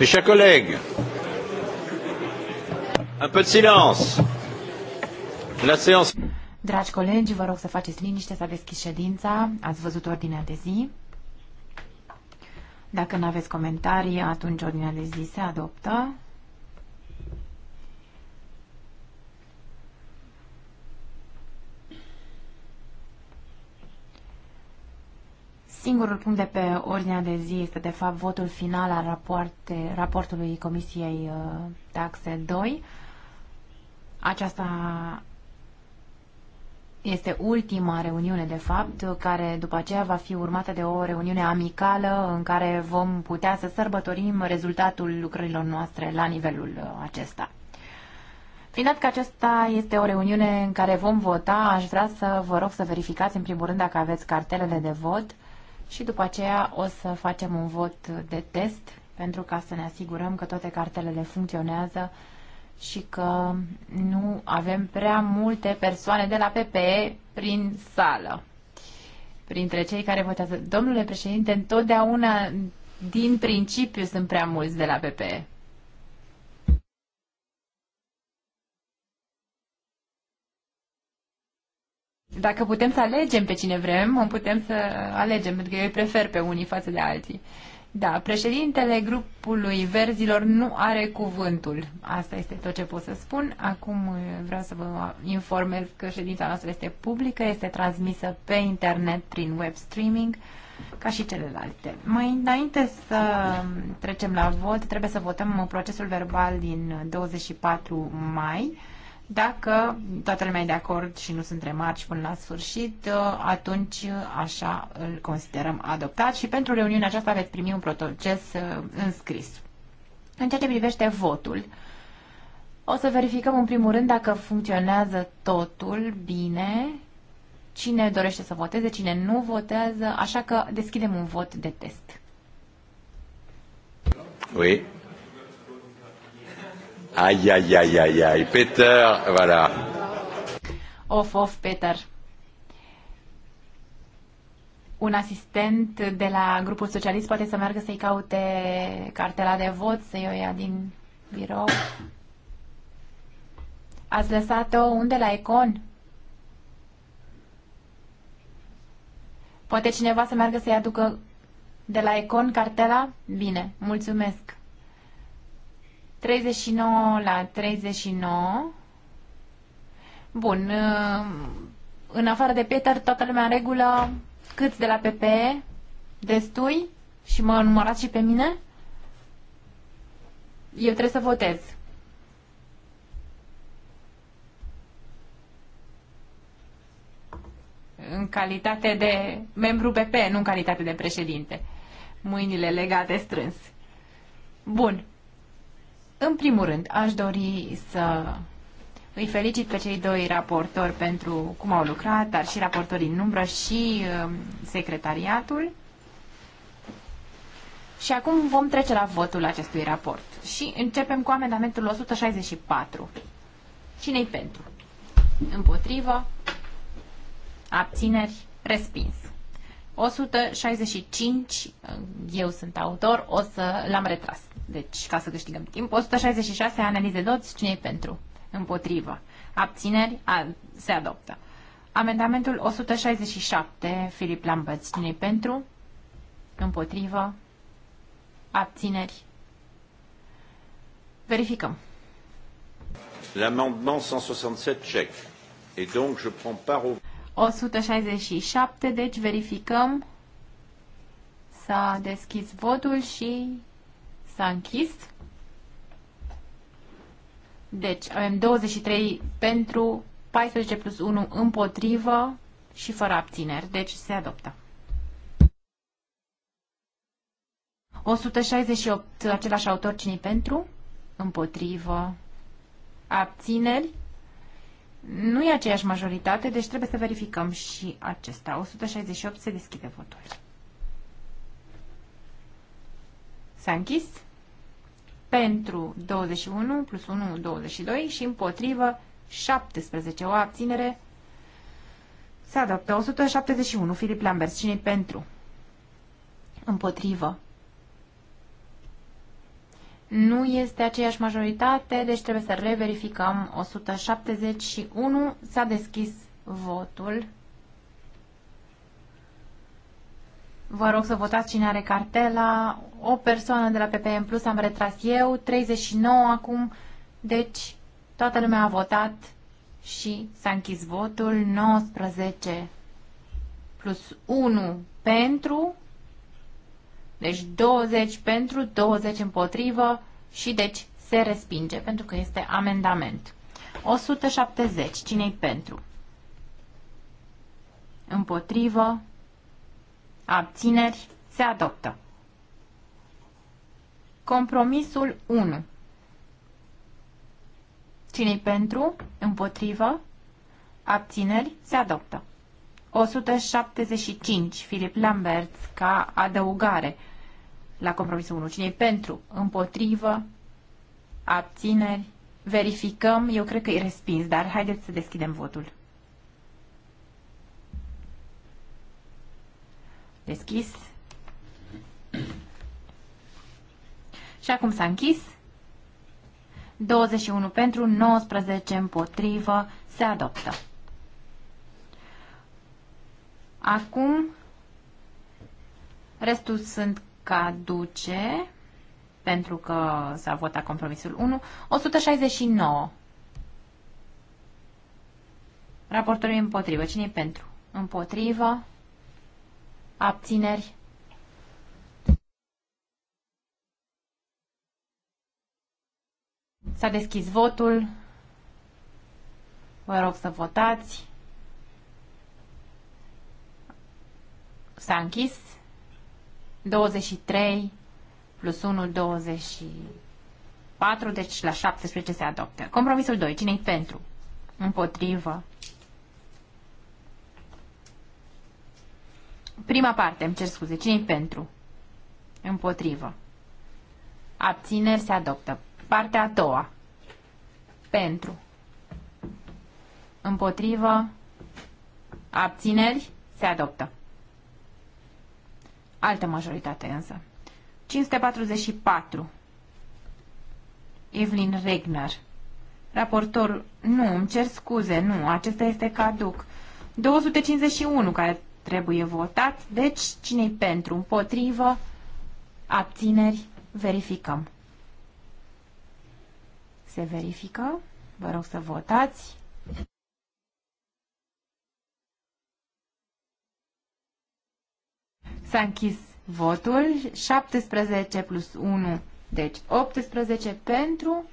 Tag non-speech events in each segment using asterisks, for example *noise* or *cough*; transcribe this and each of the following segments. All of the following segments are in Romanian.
Mes chers collègues, un peu de silence. La séance. Dragi colegi, vă rog să faceți liniște, să deschis ședința, ați văzut ordinea de zi. Dacă nu aveți comentarii, atunci ordinea de zi se adoptă. Singurul punct de pe ordinea de zi este, de fapt, votul final al rapoarte, raportului Comisiei uh, Taxe 2. Aceasta este ultima reuniune, de fapt, care după aceea va fi urmată de o reuniune amicală în care vom putea să sărbătorim rezultatul lucrărilor noastre la nivelul uh, acesta. Fiind că aceasta este o reuniune în care vom vota, aș vrea să vă rog să verificați în primul rând dacă aveți cartelele de vot și după aceea o să facem un vot de test pentru ca să ne asigurăm că toate cartelele funcționează și că nu avem prea multe persoane de la PPE prin sală. Printre cei care votează, domnule președinte, întotdeauna din principiu sunt prea mulți de la PPE. dacă putem să alegem pe cine vrem, o putem să alegem, pentru că eu îi prefer pe unii față de alții. Da, președintele grupului verzilor nu are cuvântul. Asta este tot ce pot să spun. Acum eh, vreau să vă informez că ședința noastră este publică, este transmisă pe internet prin web streaming, ca și celelalte. Mai înainte să trecem la vot, trebuie să votăm procesul verbal din 24 mai dacă toată lumea e de acord și nu sunt remarci până la sfârșit, atunci așa îl considerăm adoptat și pentru reuniunea aceasta veți primi un protocol uh, înscris. În ceea ce privește votul, o să verificăm în primul rând dacă funcționează totul bine, cine dorește să voteze, cine nu votează, așa că deschidem un vot de test. Oui. Aïe, aïe, aïe, aïe, aïe. Peter, voilà. Of, of, Peter. Un asistent de la grupul socialist poate să meargă să-i caute cartela de vot, să-i o ia din birou. Ați lăsat-o unde la Econ? Poate cineva să meargă să-i aducă de la Econ cartela? Bine, mulțumesc. 39 la 39. Bun. Uh, în afară de Peter, toată lumea în regulă. Câți de la PP? Destui? Și mă numărați și pe mine? Eu trebuie să votez. În calitate de membru PP, nu în calitate de președinte. Mâinile legate strâns. Bun. În primul rând, aș dori să îi felicit pe cei doi raportori pentru cum au lucrat, dar și raportorii în umbră și um, secretariatul. Și acum vom trece la votul acestui raport. Și începem cu amendamentul 164. Cine-i pentru? Împotrivă? Abțineri? Respins. 165, eu sunt autor, o să l-am retras. Deci, ca să câștigăm timp, 166 analize doți, cine e pentru? Împotrivă. Abțineri, a, se adoptă. Amendamentul 167, Filip Lambert, cine e pentru? Împotrivă. Abțineri. Verificăm. L'amendement 167, check. Et donc, je prends part au... 167, deci verificăm. S-a deschis votul și s-a închis. Deci avem 23 pentru, 14 plus 1 împotrivă și fără abțineri. Deci se adoptă. 168, același autor, cine pentru? Împotrivă. Abțineri. Nu e aceeași majoritate, deci trebuie să verificăm și acesta. 168 se deschide votul. S-a închis. Pentru 21 plus 1, 22 și împotrivă 17. O abținere se adoptă. 171. Filip Lambert. Cine pentru? Împotrivă. Nu este aceeași majoritate, deci trebuie să reverificăm 171. S-a deschis votul. Vă rog să votați cine are cartela. O persoană de la PPM Plus am retras eu, 39 acum, deci toată lumea a votat și s-a închis votul, 19 plus 1 pentru, deci 20 pentru, 20 împotrivă și deci se respinge pentru că este amendament. 170. Cine-i pentru? Împotrivă. Abțineri. Se adoptă. Compromisul 1. Cine-i pentru? Împotrivă. Abțineri. Se adoptă. 175. Filip Lambert ca adăugare la compromisul 1. Cine e pentru? Împotrivă? Abțineri? Verificăm. Eu cred că e respins, dar haideți să deschidem votul. Deschis. Și acum s-a închis. 21 pentru, 19 împotrivă, se adoptă. Acum, restul sunt caduce pentru că s-a votat compromisul 1. 169. Raportorul împotrivă. Cine e pentru? Împotrivă. Abțineri. S-a deschis votul. Vă rog să votați. S-a închis. 23 plus 1, 24, deci la 17 se adoptă. Compromisul 2, cine-i pentru? Împotrivă. Prima parte, îmi cer scuze, cine-i pentru? Împotrivă. Abțineri se adoptă. Partea a doua. Pentru. Împotrivă. Abțineri se adoptă altă majoritate însă. 544. Evelyn Regner. raportor nu, îmi cer scuze, nu, acesta este caduc. 251 care trebuie votat, deci cine-i pentru, împotrivă, abțineri, verificăm. Se verifică, vă rog să votați. S-a închis votul. 17 plus 1, deci 18 pentru.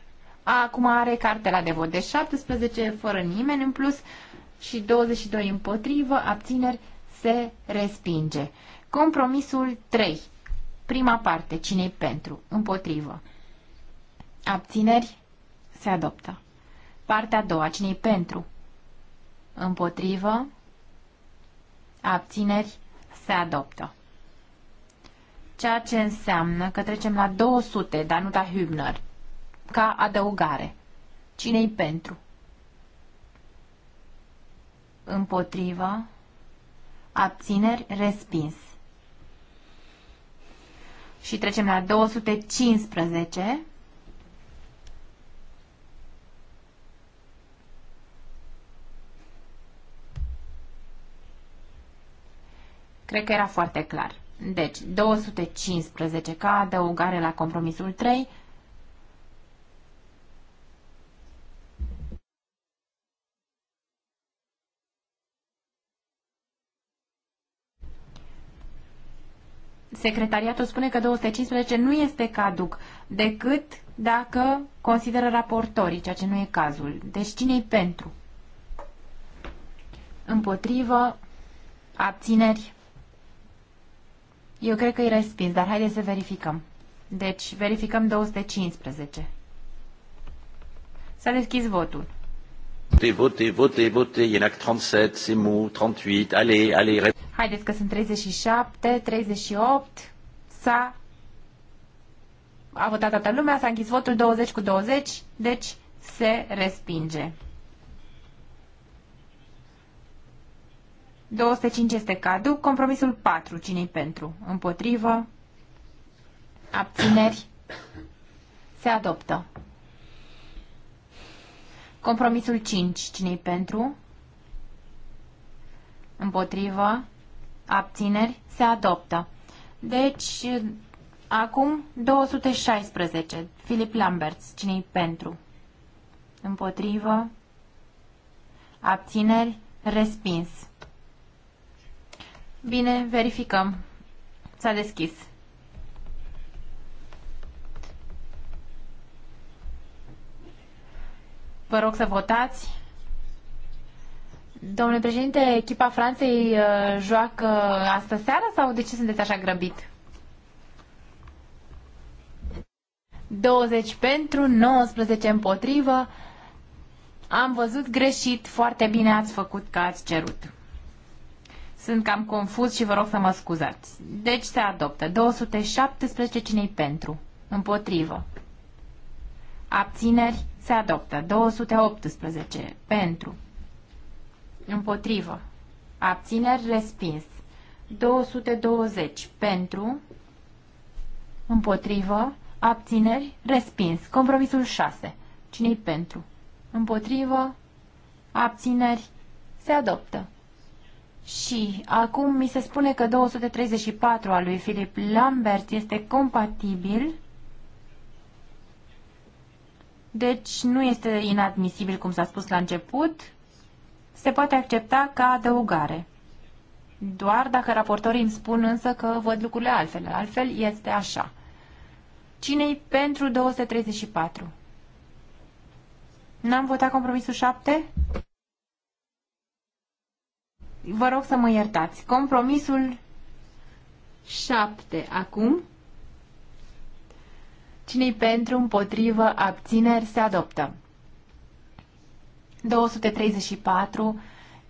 Acum are cartela de vot. Deci 17 fără nimeni în plus și 22 împotrivă, abțineri, se respinge. Compromisul 3. Prima parte. cine pentru? Împotrivă. Abțineri, se adoptă. Partea a doua. cine pentru? Împotrivă. Abțineri, se adoptă ceea ce înseamnă că trecem la 200, Danuta Hübner, ca adăugare. Cine-i pentru? Împotriva? Abțineri, respins. Și trecem la 215. Cred că era foarte clar. Deci, 215 ca adăugare la compromisul 3. Secretariatul spune că 215 nu este caduc decât dacă consideră raportorii, ceea ce nu e cazul. Deci cine-i pentru? Împotrivă? Abțineri? Eu cred că e respins, dar haideți să verificăm. Deci, verificăm 215. S-a deschis votul. Vote, vote, vote, vote. E 37, 37, Semu, 38. Ale, ale. Haideți că sunt 37, 38. S-a... A votat toată lumea, s-a închis votul 20 cu 20, deci se respinge. 205 este cadru. Compromisul 4. Cine-i pentru? Împotrivă? Abțineri? Se adoptă. Compromisul 5. Cine-i pentru? Împotrivă? Abțineri? Se adoptă. Deci, acum 216. Filip Lamberts. Cine-i pentru? Împotrivă? Abțineri? Respins. Bine, verificăm. S-a deschis. Vă rog să votați. Domnule președinte, echipa Franței uh, joacă astă seară sau de ce sunteți așa grăbit? 20 pentru, 19 împotrivă. Am văzut greșit, foarte bine ați făcut că ați cerut. Sunt cam confuz și vă rog să mă scuzați. Deci se adoptă. 217 cine pentru? Împotrivă. Abțineri se adoptă. 218 pentru. Împotrivă. Abțineri respins. 220 pentru. Împotrivă. Abțineri respins. Compromisul 6. cine pentru? Împotrivă. Abțineri se adoptă. Și acum mi se spune că 234 al lui Philip Lambert este compatibil, deci nu este inadmisibil, cum s-a spus la început, se poate accepta ca adăugare. Doar dacă raportorii îmi spun însă că văd lucrurile altfel. Altfel este așa. Cine-i pentru 234? N-am votat compromisul 7? Vă rog să mă iertați. Compromisul 7 acum. cine pentru, împotrivă, abțineri, se adoptă. 234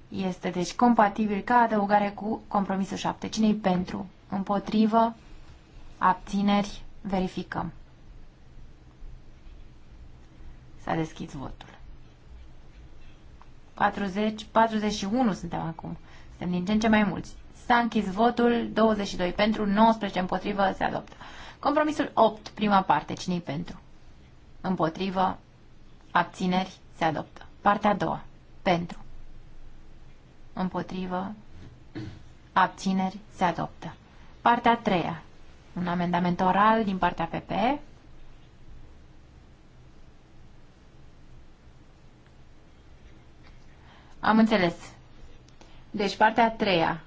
este deci compatibil ca adăugare cu compromisul 7. cine pentru, împotrivă, abțineri, verificăm. S-a deschis votul. 40, 41 suntem acum. Suntem din ce în ce mai mulți. S-a închis votul, 22 pentru, 19 împotrivă, se adoptă. Compromisul 8, prima parte, cine pentru? Împotrivă, abțineri, se adoptă. Partea a doua, pentru. Împotrivă, abțineri, se adoptă. Partea a treia, un amendament oral din partea PPE, Am înțeles. Deci partea a treia.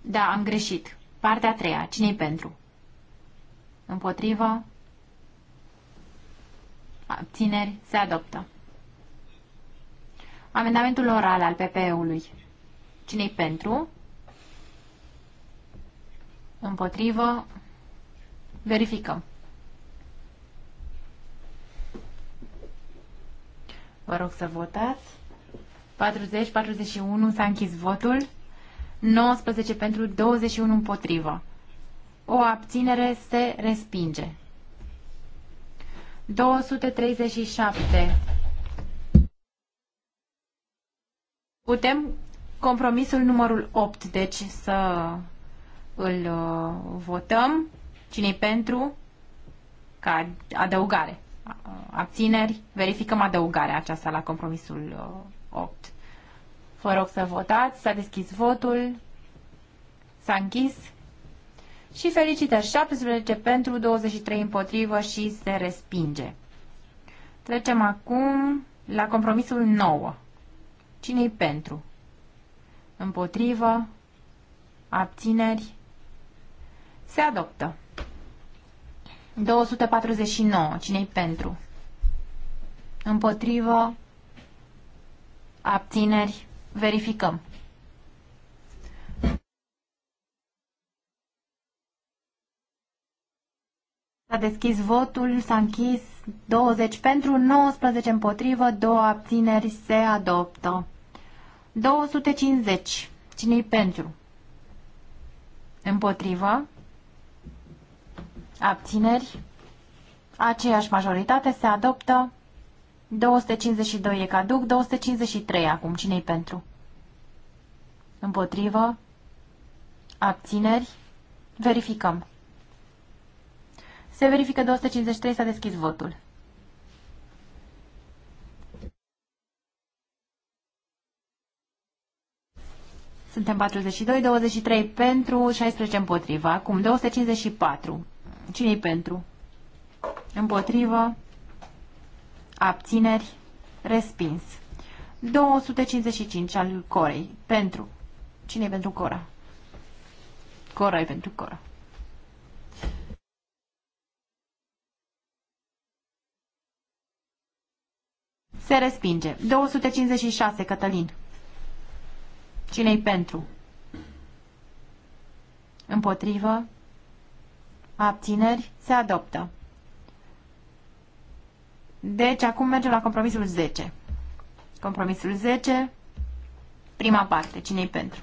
Da, am greșit. Partea a treia. Cine-i pentru? Împotrivă? Abțineri? Se adoptă. Amendamentul oral al PPE-ului. Cine-i pentru? Împotrivă? Verificăm. Vă rog să votați. 40, 41 s-a închis votul. 19 pentru, 21 împotrivă. O abținere se respinge. 237. Putem compromisul numărul 8, deci să îl uh, votăm. cine pentru? Ca adăugare. Uh, abțineri? Verificăm adăugarea aceasta la compromisul 8. Uh, Vă rog să votați, s-a deschis votul, s-a închis și felicitări 17 pentru, 23 împotrivă și se respinge. Trecem acum la compromisul 9. Cine-i pentru? Împotrivă? Abțineri? Se adoptă. 249. Cine-i pentru? Împotrivă? Abțineri? Verificăm. S-a deschis votul, s-a închis 20 pentru, 19 împotrivă, 2 abțineri se adoptă. 250. Cine-i pentru? Împotrivă? Abțineri. Aceeași majoritate se adoptă. 252 e caduc, 253 acum. Cine-i pentru? Împotrivă. Abțineri. Verificăm. Se verifică 253, s-a deschis votul. Suntem 42, 23 pentru, 16 împotriva. Acum 254 cine pentru? Împotrivă. Abțineri. Respins. 255 al Corei. Pentru. cine pentru Cora? Cora e pentru Cora. Se respinge. 256, Cătălin. Cine-i pentru? Împotrivă abțineri, se adoptă. Deci, acum mergem la compromisul 10. Compromisul 10, prima parte, cine-i pentru?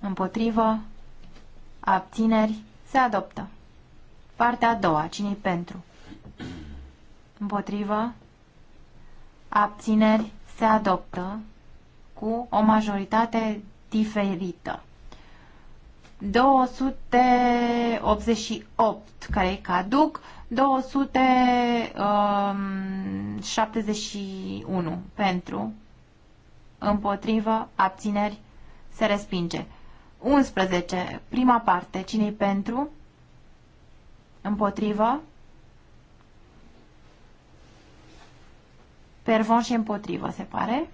Împotrivă, abțineri, se adoptă. Partea a doua, cine-i pentru? Împotrivă, abțineri, se adoptă cu o majoritate diferită. 288 care e caduc, 271 um, pentru, împotrivă, abțineri, se respinge. 11. Prima parte. cine pentru? Împotrivă? Pervon și împotrivă, se pare.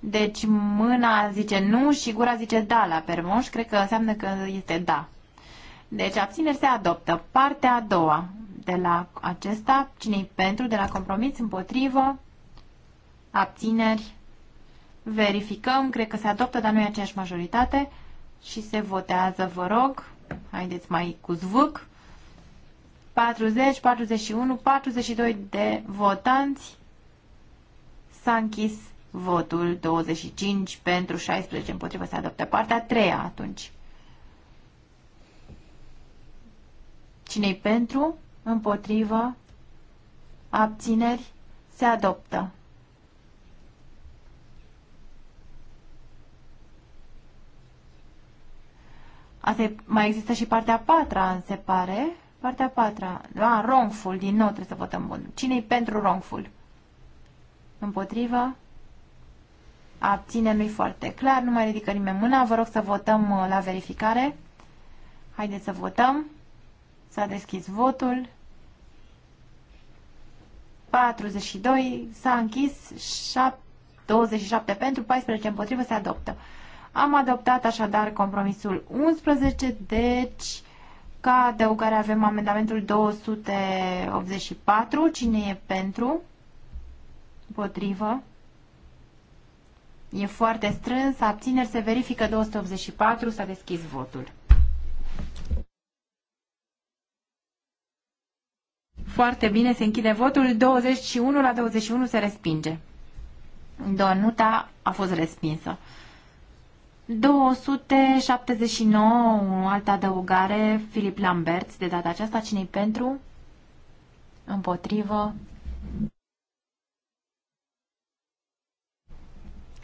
Deci mâna zice nu și gura zice da la Permoș, cred că înseamnă că este da. Deci abțineri se adoptă. Partea a doua de la acesta, cine pentru, de la compromis, împotrivă, abțineri, verificăm, cred că se adoptă, dar nu e aceeași majoritate și se votează, vă rog, haideți mai cu zvâc, 40, 41, 42 de votanți, s-a închis Votul 25 pentru 16 împotrivă se adoptă. Partea a treia atunci. Cine-i pentru? Împotrivă? Abțineri? Se adoptă. Asta mai există și partea a patra, se pare. Partea a patra. Da, wrongful, din nou trebuie să votăm bun. Cine-i pentru wrongful? Împotrivă? abține, nu foarte clar, nu mai ridică nimeni mâna, vă rog să votăm uh, la verificare. Haideți să votăm. S-a deschis votul. 42 s-a închis, 27 pentru, 14 împotrivă se adoptă. Am adoptat așadar compromisul 11, deci ca adăugare avem amendamentul 284. Cine e pentru? Împotrivă? E foarte strâns, abțineri se verifică 284, s-a deschis votul. Foarte bine, se închide votul, 21 la 21 se respinge. Donuta a fost respinsă. 279, altă adăugare, Filip Lambert, de data aceasta, cine pentru? Împotrivă.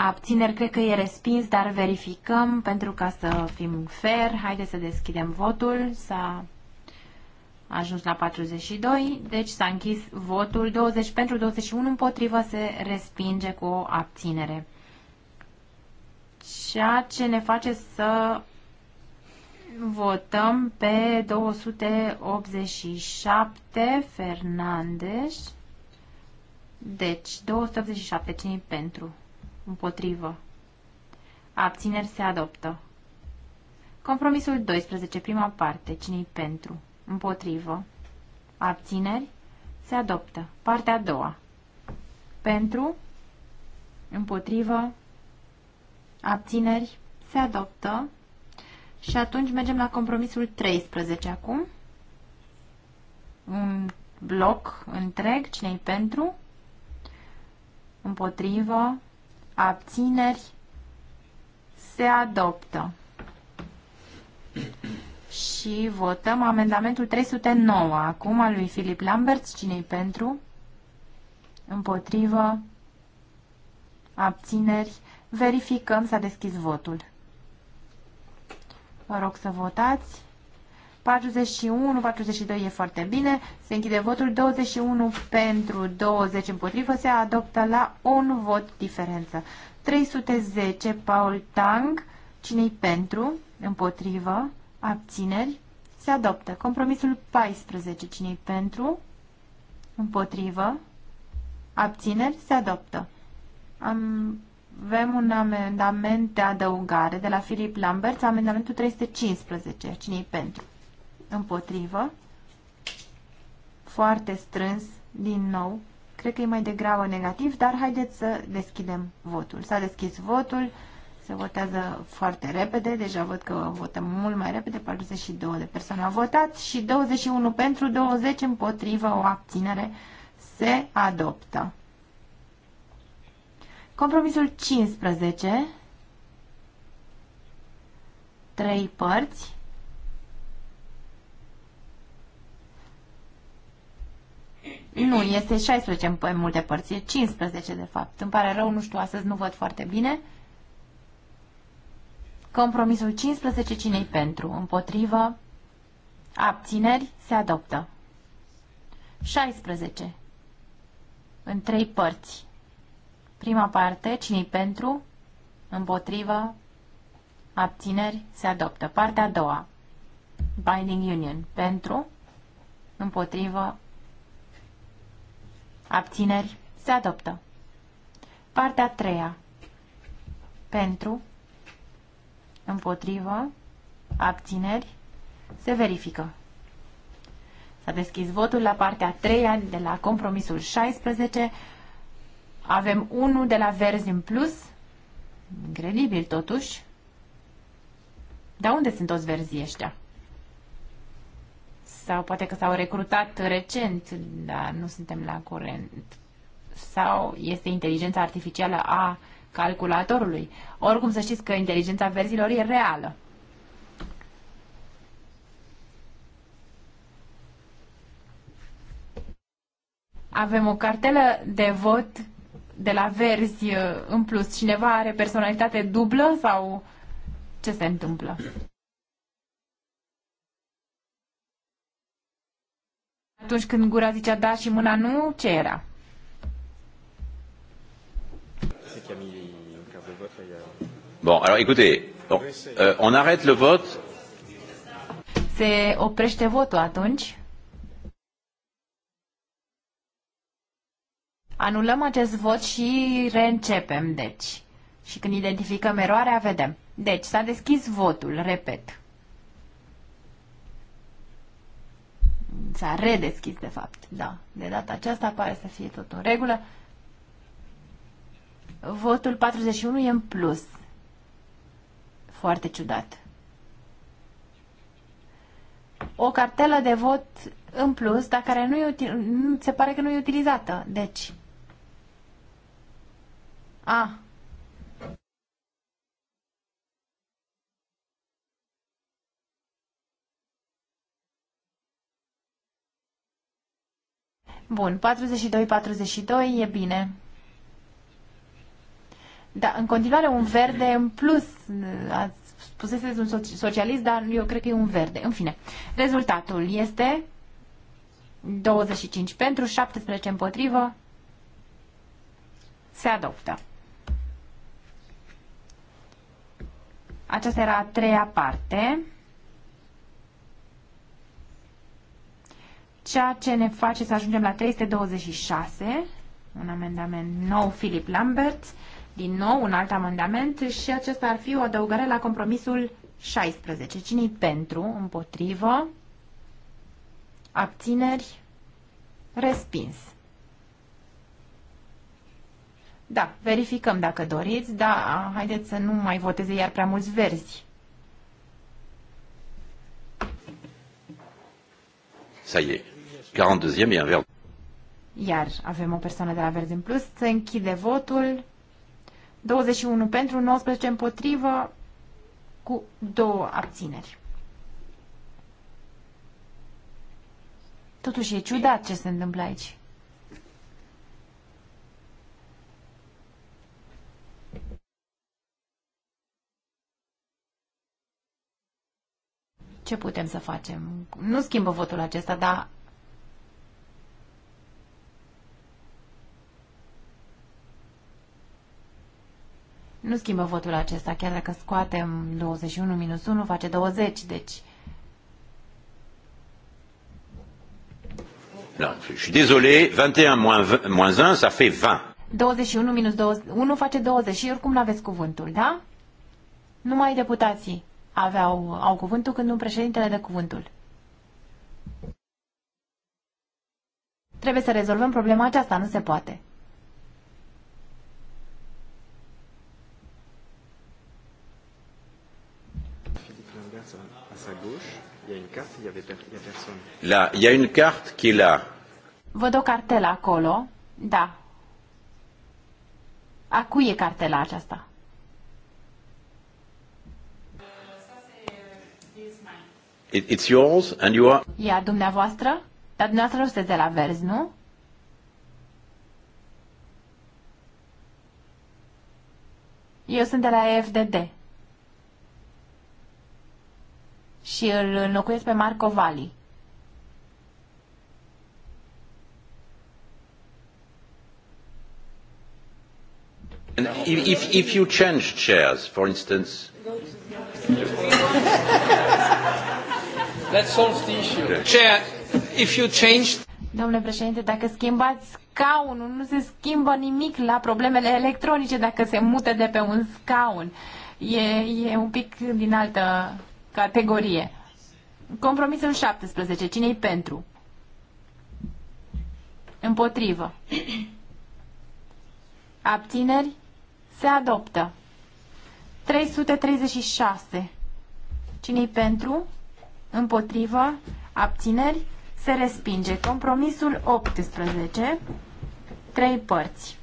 abțineri, cred că e respins, dar verificăm pentru ca să fim fair. Haideți să deschidem votul. S-a ajuns la 42, deci s-a închis votul 20 pentru 21 împotrivă se respinge cu o abținere. Ceea ce ne face să votăm pe 287 Fernandez. Deci 287 cine pentru? Împotrivă. Abțineri se adoptă. Compromisul 12, prima parte. cine pentru? Împotrivă. Abțineri se adoptă. Partea a doua. Pentru. Împotrivă. Abțineri se adoptă. Și atunci mergem la compromisul 13 acum. Un bloc întreg. cine pentru? Împotrivă abțineri, se adoptă. Și votăm amendamentul 309, acum al lui Filip Lambert, cine pentru? Împotrivă, abțineri, verificăm, s-a deschis votul. Vă rog să votați. 41, 42 e foarte bine, se închide votul, 21 pentru, 20 împotrivă, se adoptă la un vot diferență. 310, Paul Tang, cine-i pentru, împotrivă, abțineri, se adoptă. Compromisul 14, cine-i pentru, împotrivă, abțineri, se adoptă. Am avem un amendament de adăugare de la Filip Lambert, amendamentul 315. Cine-i pentru? împotrivă, foarte strâns, din nou. Cred că e mai degrabă negativ, dar haideți să deschidem votul. S-a deschis votul, se votează foarte repede, deja văd că votăm mult mai repede, 42 de persoane au votat și 21 pentru, 20 împotrivă, o abținere se adoptă. Compromisul 15, trei părți, Nu, este 16 în multe părți, e 15 de fapt. Îmi pare rău, nu știu, astăzi nu văd foarte bine. Compromisul 15, cine pentru? Împotrivă? Abțineri? Se adoptă. 16. În trei părți. Prima parte, cine pentru? Împotrivă? Abțineri? Se adoptă. Partea a doua. Binding Union. Pentru? Împotrivă? Abțineri. Se adoptă. Partea a treia. Pentru. Împotrivă. Abțineri. Se verifică. S-a deschis votul la partea a treia de la compromisul 16. Avem 1 de la verzi în plus. Incredibil, totuși. Dar unde sunt toți verzii ăștia? sau poate că s-au recrutat recent, dar nu suntem la curent, sau este inteligența artificială a calculatorului. Oricum să știți că inteligența verzilor e reală. Avem o cartelă de vot de la verzi uh, în plus. Cineva are personalitate dublă sau ce se întâmplă? Atunci când gura zicea da și mâna nu, ce era? Bon, alors écoutez, bon, euh, on arrête le vote. Se oprește votul atunci. Anulăm acest vot și reîncepem, deci. Și când identificăm eroarea, vedem. Deci, s-a deschis votul, repet. s-a redeschis, de fapt, da. De data aceasta pare să fie tot în regulă. Votul 41 e în plus. Foarte ciudat. O cartelă de vot în plus, dar care nu, e nu se pare că nu e utilizată. Deci... A, Bun, 42-42 e bine. Da, în continuare un verde în plus. Ați spuseseți un socialist, dar eu cred că e un verde. În fine, rezultatul este 25 pentru, 17 împotrivă. Se adoptă. Aceasta era a treia parte. ceea ce ne face să ajungem la 326, un amendament nou Philip Lambert, din nou un alt amendament și acesta ar fi o adăugare la compromisul 16. Cine-i pentru, împotrivă, abțineri, respins. Da, verificăm dacă doriți, dar haideți să nu mai voteze iar prea mulți verzi. Să y 42e e un verde. Iar avem o persoană de la verde în plus. Se închide votul. 21 pentru, 19 împotrivă, cu două abțineri. Totuși e ciudat ce se întâmplă aici. Ce putem să facem? Nu schimbă votul acesta, dar Nu schimbă votul acesta, chiar dacă scoatem 21 minus 1 face 20, deci... Da, și suis 21 minus 1, ça fait 20. 21 minus 20, 1 face 20 și oricum nu aveți cuvântul, da? Numai deputații aveau, au cuvântul când un președintele dă cuvântul. Trebuie să rezolvăm problema aceasta, nu se poate. Il y a une carte, il y avait il y a personne. Là, il y a une carte qui est là. Văd o cartelă acolo. Da. A cui e cartela aceasta? It, it's yours and you are... Ia dumneavoastră? Dar dumneavoastră nu sunteți de la Verzi, nu? Eu sunt de la EFDD și îl înlocuiesc pe Marco Vali. And if, if, if you change chairs, for instance... Let's solve the issue. Okay. Chair, if you change... Domnule președinte, dacă schimbați scaunul, nu se schimbă nimic la problemele electronice dacă se mută de pe un scaun. E, e un pic din altă categorie. Compromisul 17. Cine-i pentru? Împotrivă. Abțineri? Se adoptă. 336. Cine-i pentru? Împotrivă? Abțineri? Se respinge. Compromisul 18. Trei părți.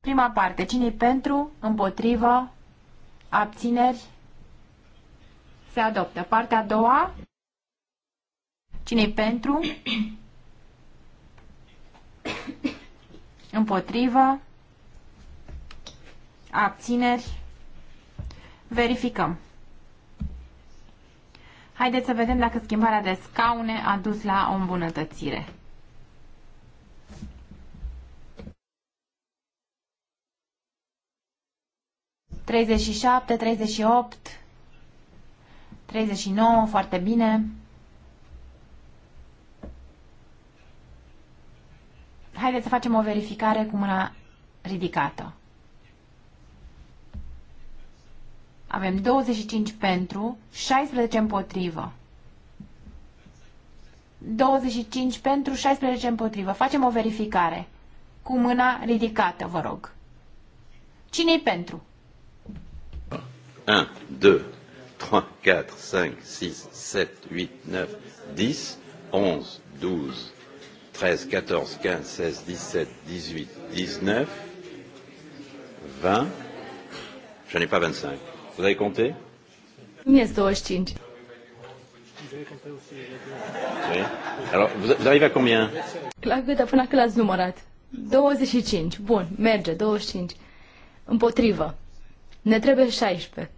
Prima parte. Cine-i pentru? Împotrivă? Abțineri? Se adoptă. Partea a doua. Cine-i pentru? Împotrivă. Abțineri. Verificăm. Haideți să vedem dacă schimbarea de scaune a dus la o îmbunătățire. Treizeci și șapte, treizeci și opt... 39, foarte bine. Haideți să facem o verificare cu mâna ridicată. Avem 25 pentru, 16 împotrivă. 25 pentru, 16 împotrivă. Facem o verificare. Cu mâna ridicată, vă rog. Cine-i pentru? 1, 2, 3, 4, 5, 6, 7, 8, 9, 10, 11, 12, 13, 14, 15, 16, 17, 18, 19, 20. Je n'ai pas 25. Vous avez compté Nu 25. Oui. Alors, vous, arrivez à combien La cât, până când l-ați numărat? 25. Bun, merge, 25. Împotrivă. Ne trebuie 16.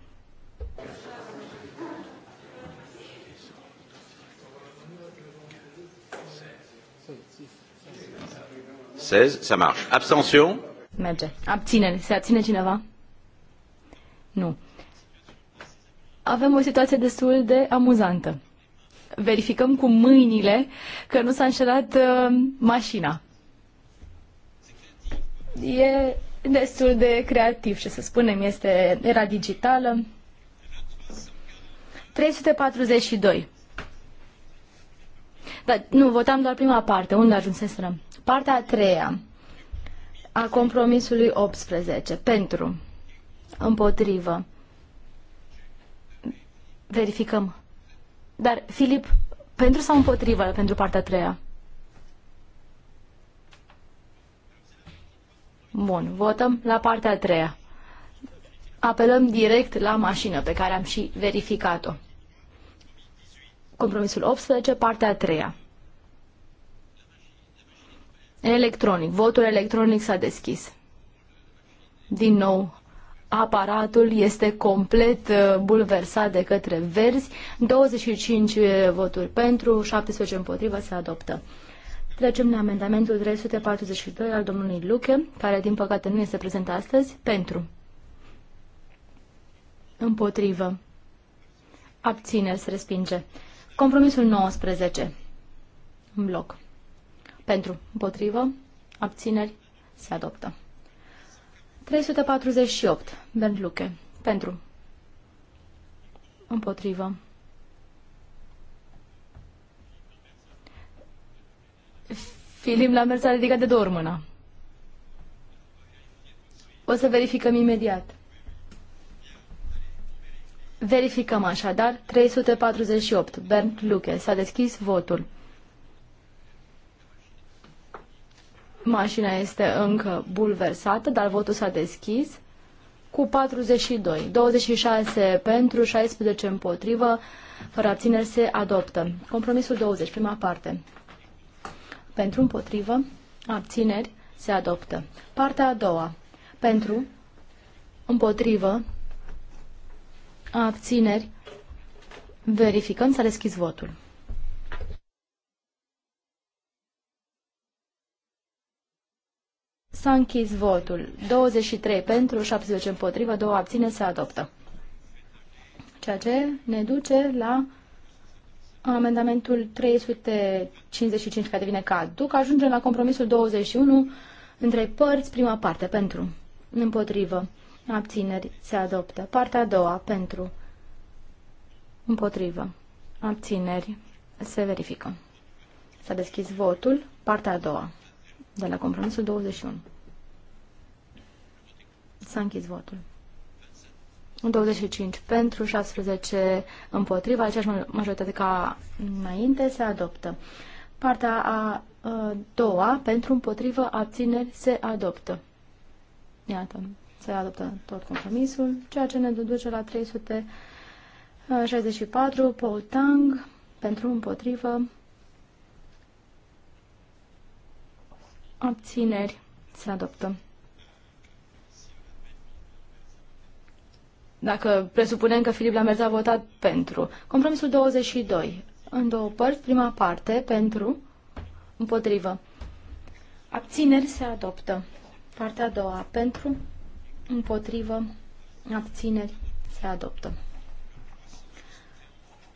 16, ça marche. Abstention Merge. Abțineri. Se abține cineva? Nu. Avem o situație destul de amuzantă. Verificăm cu mâinile că nu s-a înșelat uh, mașina. E destul de creativ, ce să spunem, este era digitală. 342. Dar nu, votam doar prima parte. Unde ajunseserăm? Partea a treia a compromisului 18. Pentru. Împotrivă. Verificăm. Dar, Filip, pentru sau împotrivă pentru partea a treia? Bun, votăm la partea a treia. Apelăm direct la mașină pe care am și verificat-o. Compromisul 18, partea a treia. Electronic. Votul electronic s-a deschis. Din nou, aparatul este complet uh, bulversat de către verzi. 25 uh, voturi pentru, 17 împotriva se adoptă. Trecem la amendamentul 342 al domnului Luche, care din păcate nu este prezent astăzi, pentru. Împotrivă. Abțineri se respinge. Compromisul 19. În bloc. Pentru, împotrivă, abțineri, se adoptă. 348. Bernd Luke. Pentru. Împotrivă. Filim la mers a ridicat de două ori mâna. O să verificăm imediat. Verificăm așadar 348. Bernd Luke. S-a deschis votul. Mașina este încă bulversată, dar votul s-a deschis cu 42. 26 pentru, 16 împotrivă, fără abțineri se adoptă. Compromisul 20, prima parte. Pentru, împotrivă, abțineri se adoptă. Partea a doua. Pentru, împotrivă, abțineri, verificăm, să deschis votul. S-a închis votul. 23 pentru, 70 împotrivă, 2 abține, se adoptă. Ceea ce ne duce la amendamentul 355 care devine caduc. Ajungem la compromisul 21 între părți, prima parte, pentru, împotrivă, Abțineri. Se adoptă. Partea a doua. Pentru. Împotrivă. Abțineri. Se verifică. S-a deschis votul. Partea a doua. De la compromisul 21. S-a închis votul. 25 pentru, 16 împotriva, aceeași majoritate ca înainte, se adoptă. Partea a, a doua, pentru împotrivă, abțineri, se adoptă. Iată, se adoptă tot compromisul, ceea ce ne duce la 364, uh, Paul Tang, pentru împotrivă, abțineri, se adoptă. Dacă presupunem că Filip Lamers a votat pentru. Compromisul 22, în două părți, prima parte, pentru, împotrivă. Abțineri se adoptă. Partea a doua, pentru, împotrivă, abțineri, se adoptă.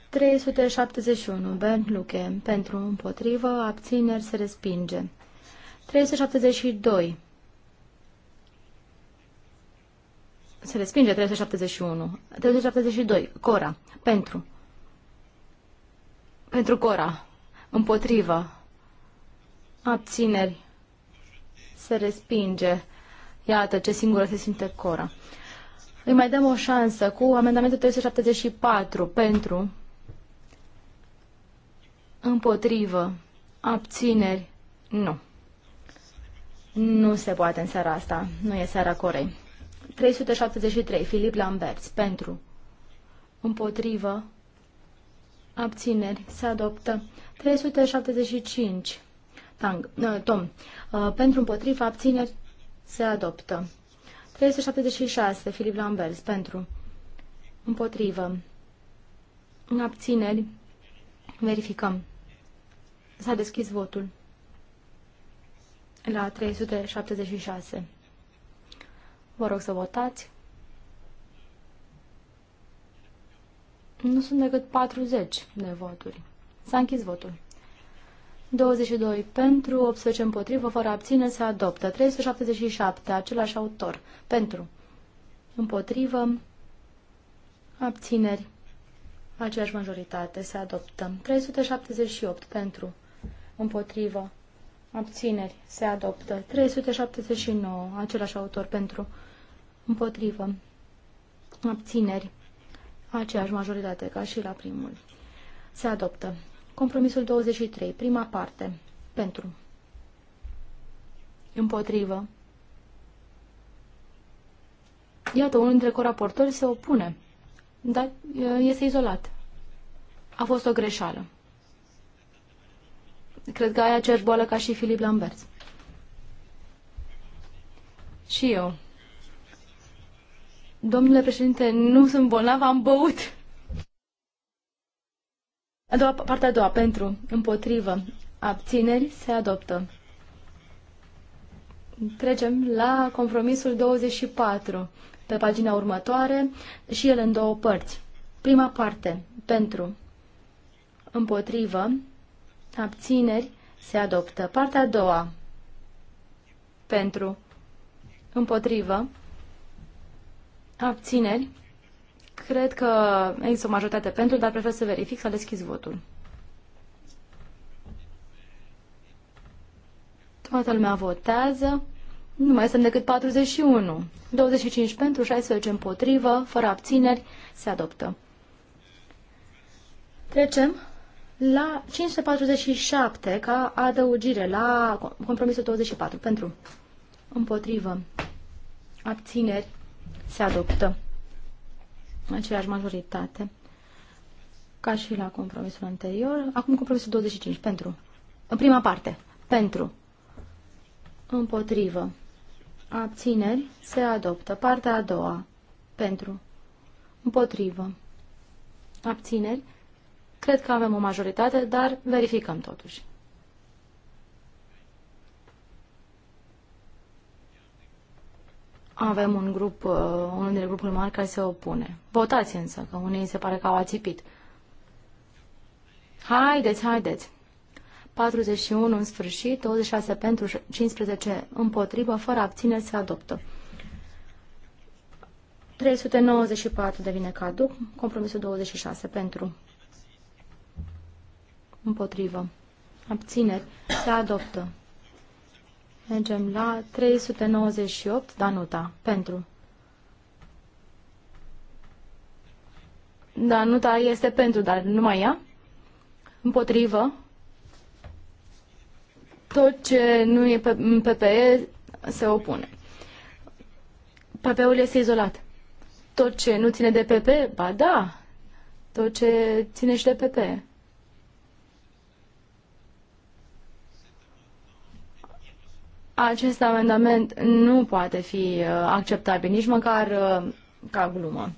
371. Ben Luke. Pentru împotrivă, abțineri se respinge. 372. Se respinge 371. 372. Cora. Pentru. Pentru Cora. Împotrivă. Abțineri. Se respinge. Iată ce singură se simte Cora. Îi mai dăm o șansă cu amendamentul 374 pentru împotrivă abțineri nu. Nu se poate în seara asta. Nu e seara Corei. 373. Filip Lamberts. Pentru. Împotrivă. Abțineri. Se adoptă. 375. Tang, uh, Tom. Uh, pentru împotriva abțineri se adoptă. 376. Filip Lambers. Pentru. Împotrivă. Abțineri. Verificăm. S-a deschis votul. La 376. Vă rog să votați. Nu sunt decât 40 de voturi. S-a închis votul. 22 pentru, 18 împotrivă, fără abține, se adoptă. 377, același autor, pentru, împotrivă, abțineri, aceeași majoritate, se adoptă. 378 pentru, împotrivă, abțineri, se adoptă. 379, același autor, pentru, împotrivă, abțineri, aceeași majoritate ca și la primul, se adoptă. Compromisul 23, prima parte. Pentru. Împotrivă. Iată, unul dintre coraportori se opune, dar este izolat. A fost o greșeală. Cred că ai aceeași boală ca și Filip Lambert. Și eu. Domnule președinte, nu sunt bolnav, am băut. A doua, partea a doua, pentru, împotrivă, abțineri, se adoptă. Trecem la compromisul 24, pe pagina următoare, și el în două părți. Prima parte, pentru, împotrivă, abțineri, se adoptă. Partea a doua, pentru, împotrivă, abțineri, Cred că există o majoritate pentru, dar prefer să verific, să deschizi votul. Toată lumea votează. Nu mai sunt decât 41. 25 pentru, 16 împotrivă, fără abțineri, se adoptă. Trecem la 547 ca adăugire la compromisul 24 pentru împotrivă abțineri se adoptă aceeași majoritate ca și la compromisul anterior. Acum compromisul 25 pentru. În prima parte. Pentru. Împotrivă. Abțineri se adoptă. Partea a doua. Pentru. Împotrivă. Abțineri. Cred că avem o majoritate, dar verificăm totuși. avem un grup, uh, unul dintre grupurile mari care se opune. Votați însă, că unii se pare că au ațipit. Haideți, haideți! 41 în sfârșit, 26 pentru, 15 împotrivă, fără abține, se adoptă. 394 devine caduc, compromisul 26 pentru, împotrivă, abțineri, se adoptă. Mergem la 398, Danuta, pentru. Danuta este pentru, dar numai ea. Împotrivă. Tot ce nu e în PPE se opune. ppe ul este izolat. Tot ce nu ține de PP, ba da, tot ce ține și de PP. acest amendament nu poate fi uh, acceptabil, nici măcar uh, ca glumă.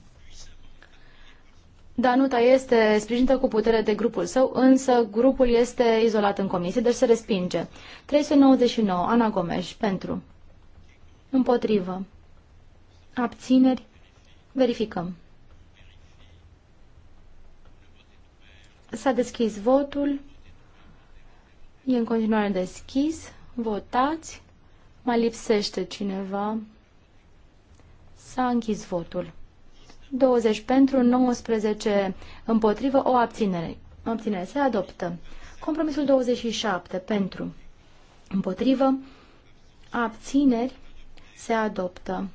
Danuta este sprijinită cu putere de grupul său, însă grupul este izolat în comisie, deci se respinge. 399, Ana Gomes, pentru. Împotrivă. Abțineri. Verificăm. S-a deschis votul. E în continuare deschis. Votați. Mai lipsește cineva. S-a închis votul. 20 pentru, 19 împotrivă, o abținere. Abținere se adoptă. Compromisul 27 pentru, împotrivă, abțineri se adoptă.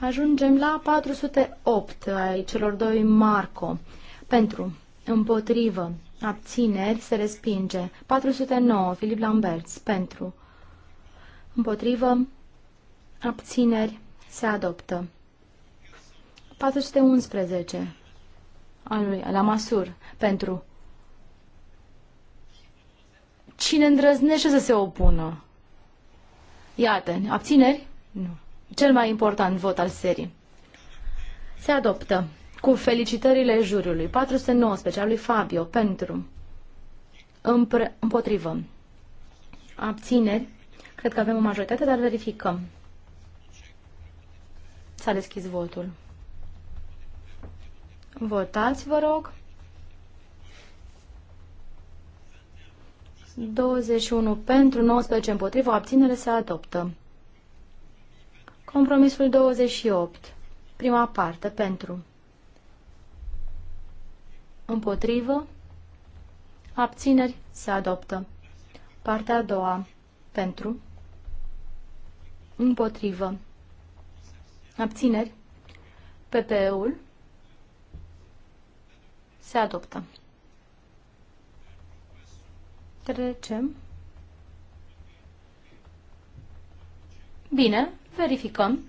Ajungem la 408 ai celor doi Marco. Pentru, împotrivă, abțineri se respinge. 409 Filip Lamberts pentru, Împotrivă. Abțineri. Se adoptă. 411 al lui la Masur pentru cine îndrăznește să se opună. Iată, abțineri? Nu. Cel mai important vot al serii. Se adoptă cu felicitările juriului 419 al lui Fabio pentru împre, împotrivă abțineri Cred că avem o majoritate, dar verificăm. S-a deschis votul. Votați, vă rog. 21 pentru, 19 împotrivă, abținere se adoptă. Compromisul 28. Prima parte, pentru. Împotrivă. Abțineri se adoptă. Partea a doua, pentru. Împotrivă. Abțineri. PPE-ul se adoptă. Trecem. Bine, verificăm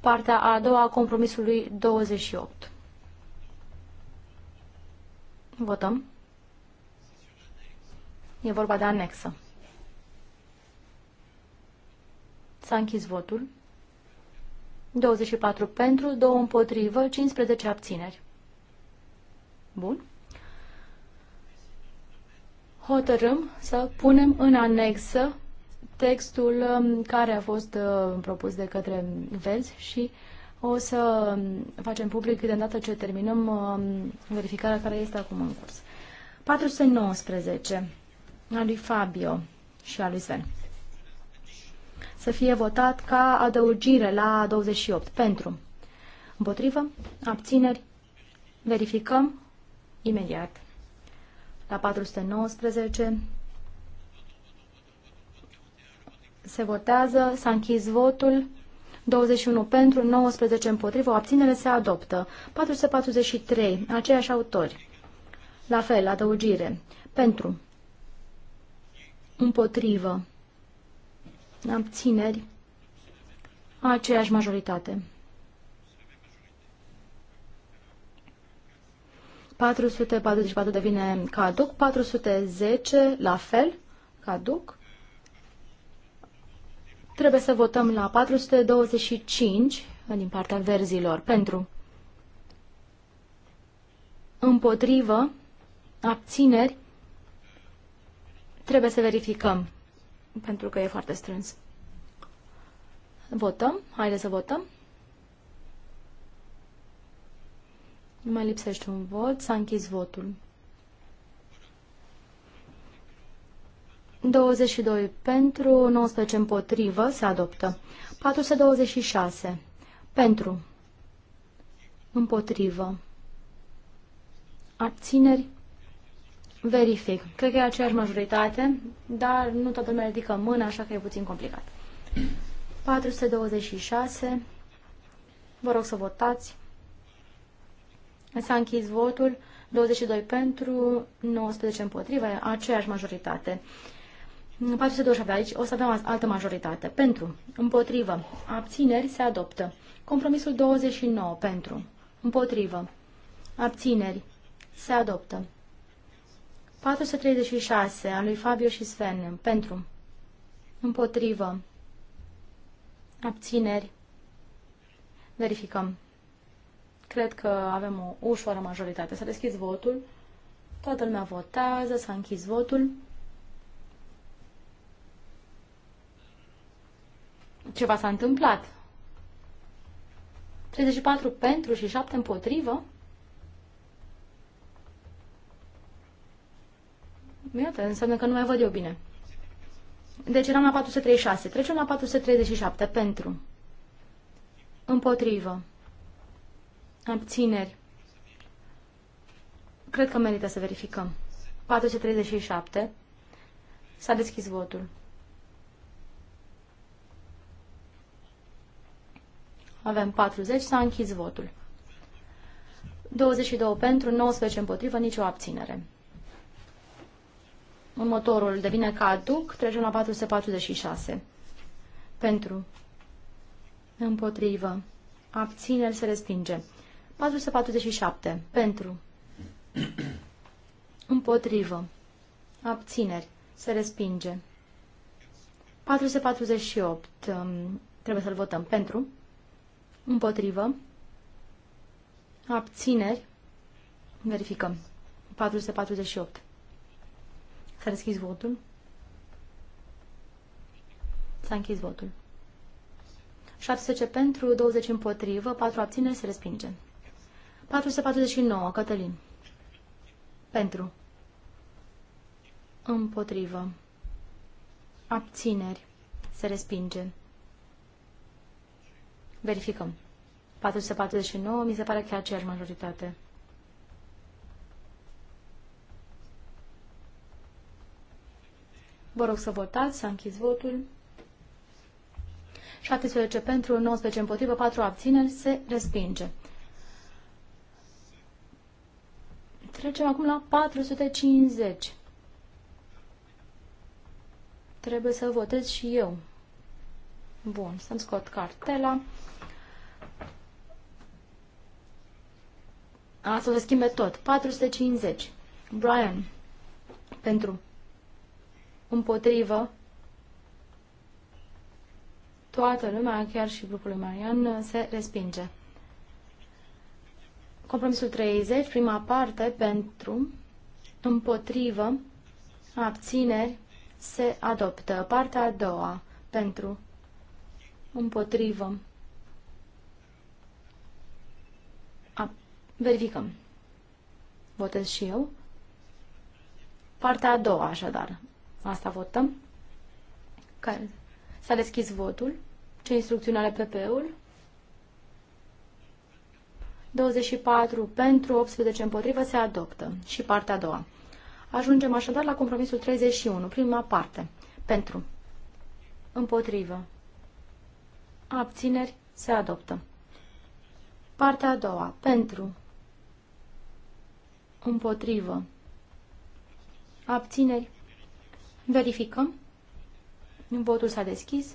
partea a doua a compromisului 28. Votăm. E vorba de anexă. S-a închis votul. 24 pentru, 2 împotrivă, 15 abțineri. Bun. Hotărâm să punem în anexă textul um, care a fost uh, propus de către Vezi și o să um, facem public de îndată ce terminăm um, verificarea care este acum în curs. 419 al lui Fabio și al lui Sven să fie votat ca adăugire la 28. Pentru. Împotrivă. Abțineri. Verificăm imediat. La 419 se votează, s-a închis votul, 21 pentru, 19 împotrivă, o abținere se adoptă. 443, aceiași autori. La fel, adăugire. Pentru. Împotrivă abțineri, aceeași majoritate. 444 devine caduc, 410 la fel, caduc. Trebuie să votăm la 425 din partea verzilor pentru împotrivă, abțineri, trebuie să verificăm pentru că e foarte strâns. Votăm? Haideți să votăm. Nu mai lipsește un vot. S-a închis votul. 22 pentru, 19 împotrivă, se adoptă. 426 pentru, împotrivă, abțineri, Verific. Cred că e aceeași majoritate, dar nu toată lumea ridică mâna, așa că e puțin complicat. 426. Vă rog să votați. S-a închis votul. 22 pentru, 19 împotriva, aceeași majoritate. 427 aici o să avem altă majoritate. Pentru, împotrivă, abțineri se adoptă. Compromisul 29 pentru, împotrivă, abțineri se adoptă. 436 a lui Fabio și Sven. Pentru. Împotrivă. Abțineri. Verificăm. Cred că avem o ușoară majoritate. S-a deschis votul. Toată lumea votează, s-a închis votul. Ceva s-a întâmplat. 34 pentru și 7 împotrivă. Iată, înseamnă că nu mai văd eu bine. Deci eram la 436. Trecem la 437. Pentru. Împotrivă. Abțineri. Cred că merită să verificăm. 437. S-a deschis votul. Avem 40, s-a închis votul. 22 pentru, 19 împotrivă, nicio abținere. Următorul devine caduc, trecem la 446. Pentru. Împotrivă. Abțineri se respinge. 447. Pentru. *clears throat* Împotrivă. Abțineri. Se respinge. 448. Um, trebuie să-l votăm. Pentru. Împotrivă. Abțineri. Verificăm. 448. S-a deschis votul. S-a închis votul. 17 pentru, 20 împotrivă, 4 abțineri, se respinge. 449, Cătălin. Pentru. Împotrivă. Abțineri. Se respinge. Verificăm. 449, mi se pare că e aceeași majoritate. Vă rog să votați, să închizi votul. 17 pentru, 19 împotrivă, 4 abțineri, se respinge. Trecem acum la 450. Trebuie să votez și eu. Bun, să-mi scot cartela. Asta se schimbe tot. 450. Brian, pentru împotrivă. Toată lumea, chiar și grupul lui Marian, se respinge. Compromisul 30, prima parte, pentru, împotrivă, abțineri, se adoptă. Partea a doua, pentru, împotrivă. A, verificăm. Votez și eu. Partea a doua, așadar. Asta votăm. Care? S-a deschis votul. Ce instrucțiune are PP-ul? 24 pentru, 18 împotrivă, se adoptă. Și partea a doua. Ajungem așadar la compromisul 31, prima parte. Pentru. Împotrivă. Abțineri. Se adoptă. Partea a doua. Pentru. Împotrivă. Abțineri. Verificăm. Votul s-a deschis.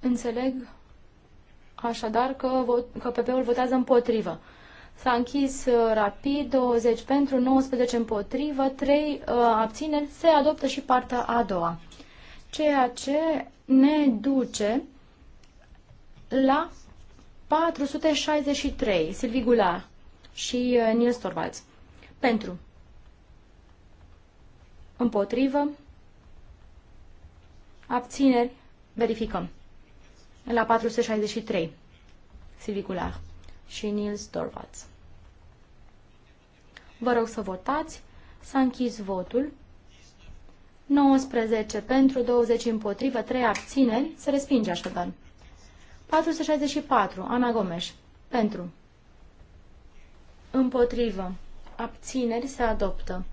Înțeleg așadar că, că PP-ul votează împotrivă. S-a închis uh, rapid, 20 pentru, 19 împotrivă, 3 uh, abțineri, se adoptă și partea a doua. Ceea ce ne duce la 463, Silvi Gular și uh, Nils Torvalds. Pentru. Împotrivă. Abțineri. Verificăm. La 463. Silvicular și Nils Dorvats. Vă rog să votați. S-a închis votul. 19 pentru, 20 împotrivă, 3 abțineri. Se respinge așadar. 464. Ana Gomes. Pentru. Împotrivă abțineri, se adoptă.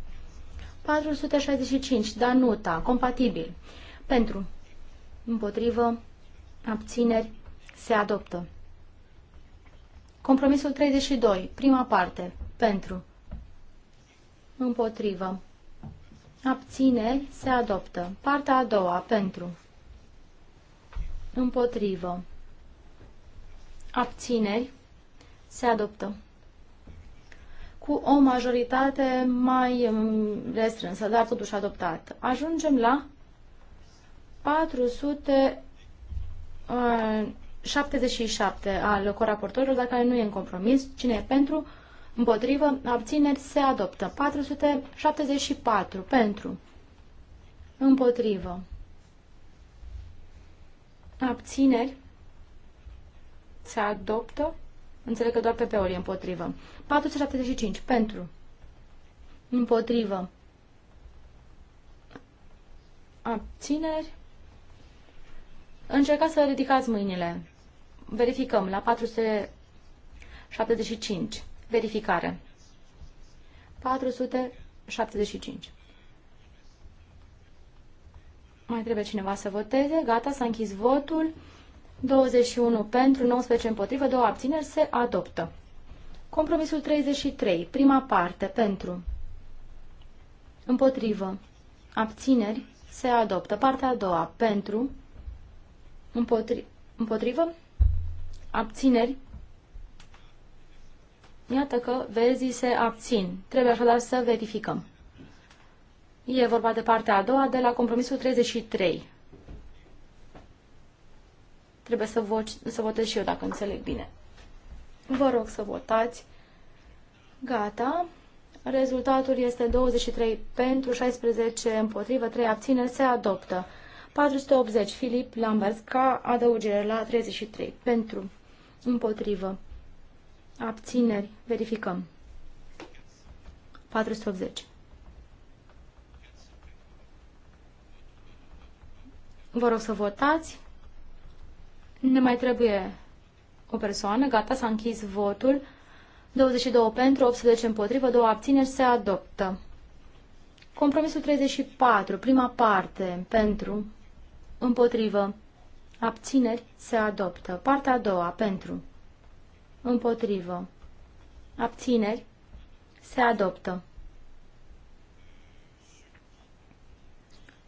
465, Danuta, compatibil. Pentru, împotrivă, abțineri, se adoptă. Compromisul 32, prima parte, pentru, împotrivă, abțineri, se adoptă. Partea a doua, pentru, împotrivă, abțineri, se adoptă cu o majoritate mai mm, restrânsă, dar totuși adoptată Ajungem la 477 uh, al coraportorilor, dacă nu e în compromis, cine e pentru, împotrivă, abțineri, se adoptă. 474 pentru, împotrivă, abțineri, se adoptă. Înțeleg că doar PP-ul e împotrivă. 475. Pentru. Împotrivă. Abțineri. Încercați să ridicați mâinile. Verificăm la 475. Verificare. 475. Mai trebuie cineva să voteze. Gata, s-a închis votul. 21 pentru, 19 împotrivă, 2 abțineri, se adoptă. Compromisul 33, prima parte, pentru, împotrivă, abțineri, se adoptă. Partea a doua, pentru, împotri, împotrivă, abțineri, iată că verzii se abțin. Trebuie așadar să verificăm. E vorba de partea a doua de la compromisul 33. Trebuie să, vo să votez și eu, dacă înțeleg bine. Vă rog să votați. Gata. Rezultatul este 23 pentru, 16 împotrivă, 3 abține, Se adoptă. 480 Filip Lambert ca adăugire la 33 pentru, împotrivă, abțineri. Verificăm. 480. Vă rog să votați. Ne mai trebuie o persoană. Gata, s-a închis votul. 22 pentru, 18 împotrivă, 2 abțineri, se adoptă. Compromisul 34, prima parte, pentru, împotrivă, abțineri, se adoptă. Partea a doua, pentru, împotrivă, abțineri, se adoptă.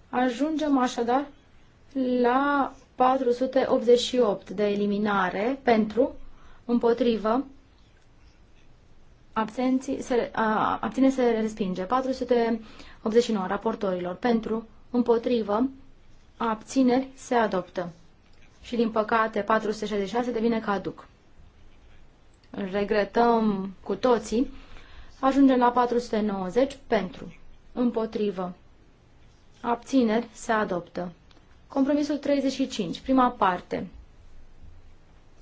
Ajungem așadar la 488 de eliminare pentru, împotrivă, absenții, se, a, abține se respinge. 489 raportorilor pentru, împotrivă, abțineri se adoptă. Și din păcate 466 devine caduc. Îl regretăm cu toții. Ajungem la 490 pentru, împotrivă, abțineri se adoptă. Compromisul 35, prima parte.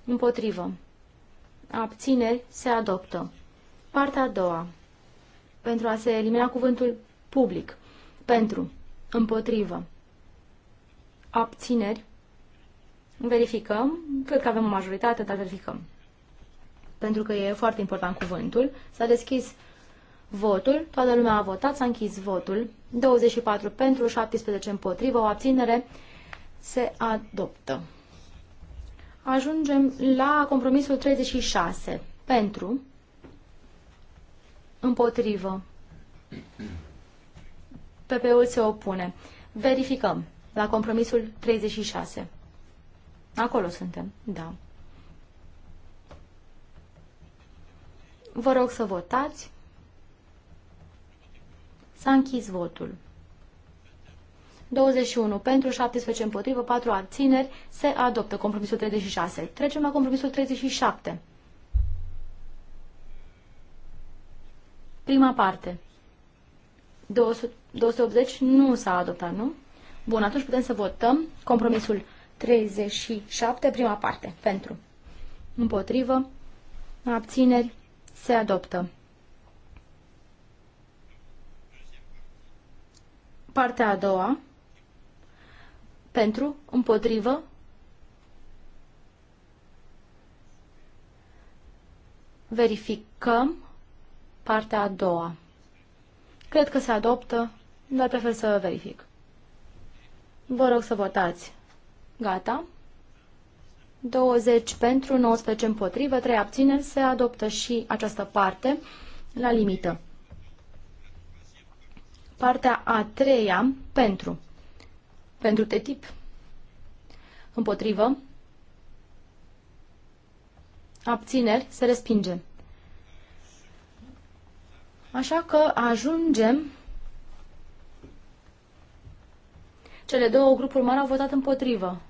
Împotrivă. Abțineri se adoptă. Partea a doua. Pentru a se elimina cuvântul public. Pentru. Împotrivă. Abțineri. Verificăm. Cred că avem o majoritate, dar verificăm. Pentru că e foarte important cuvântul. S-a deschis votul. Toată lumea a votat, s-a închis votul. 24 pentru, 17 împotrivă, o abținere se adoptă. Ajungem la compromisul 36. Pentru, împotrivă, PP-ul se opune. Verificăm la compromisul 36. Acolo suntem, da. Vă rog să votați. S-a închis votul. 21 pentru, 17 împotrivă, 4 abțineri, se adoptă compromisul 36. Trecem la compromisul 37. Prima parte. 280 nu s-a adoptat, nu? Bun, atunci putem să votăm compromisul 37, prima parte, pentru. Împotrivă, abțineri, se adoptă. Partea a doua, pentru, împotrivă, verificăm partea a doua. Cred că se adoptă, dar prefer să verific. Vă rog să votați. Gata. 20 pentru, 19 împotrivă, 3 abțineri, se adoptă și această parte la limită. Partea a treia pentru, pentru TTIP? Împotrivă? Abțineri? Se respinge. Așa că ajungem... Cele două grupuri mari au votat împotrivă.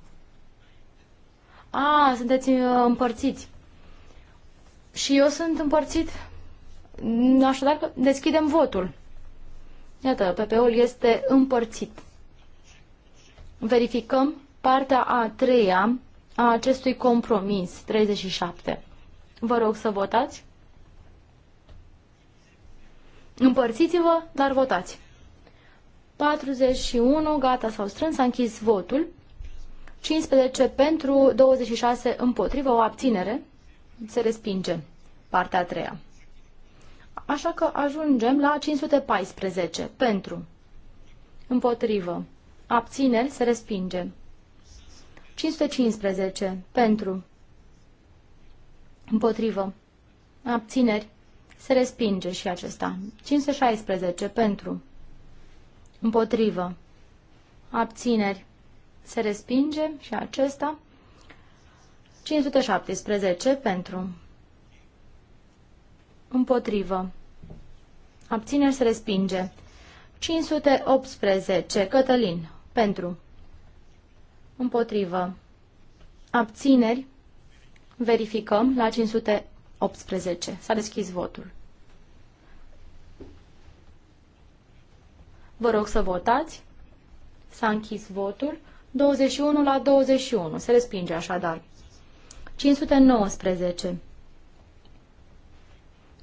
A, sunteți uh, împărțiți. Și eu sunt împărțit. Așadar, deschidem votul. Iată, PP-ul este împărțit verificăm partea a treia a acestui compromis 37. Vă rog să votați. Împărțiți-vă, dar votați. 41, gata, s-au strâns, s-a închis votul. 15 pentru, 26 împotrivă, o abținere. Se respinge partea a treia. Așa că ajungem la 514 pentru, împotrivă, Abțineri se respinge. 515. Pentru. Împotrivă. Abțineri se respinge și acesta. 516. Pentru. Împotrivă. Abțineri se respinge și acesta. 517. Pentru. Împotrivă. Abțineri se respinge. 518. Cătălin. Pentru. Împotrivă. Abțineri. Verificăm la 518. S-a deschis votul. Vă rog să votați. S-a închis votul. 21 la 21. Se respinge așadar. 519.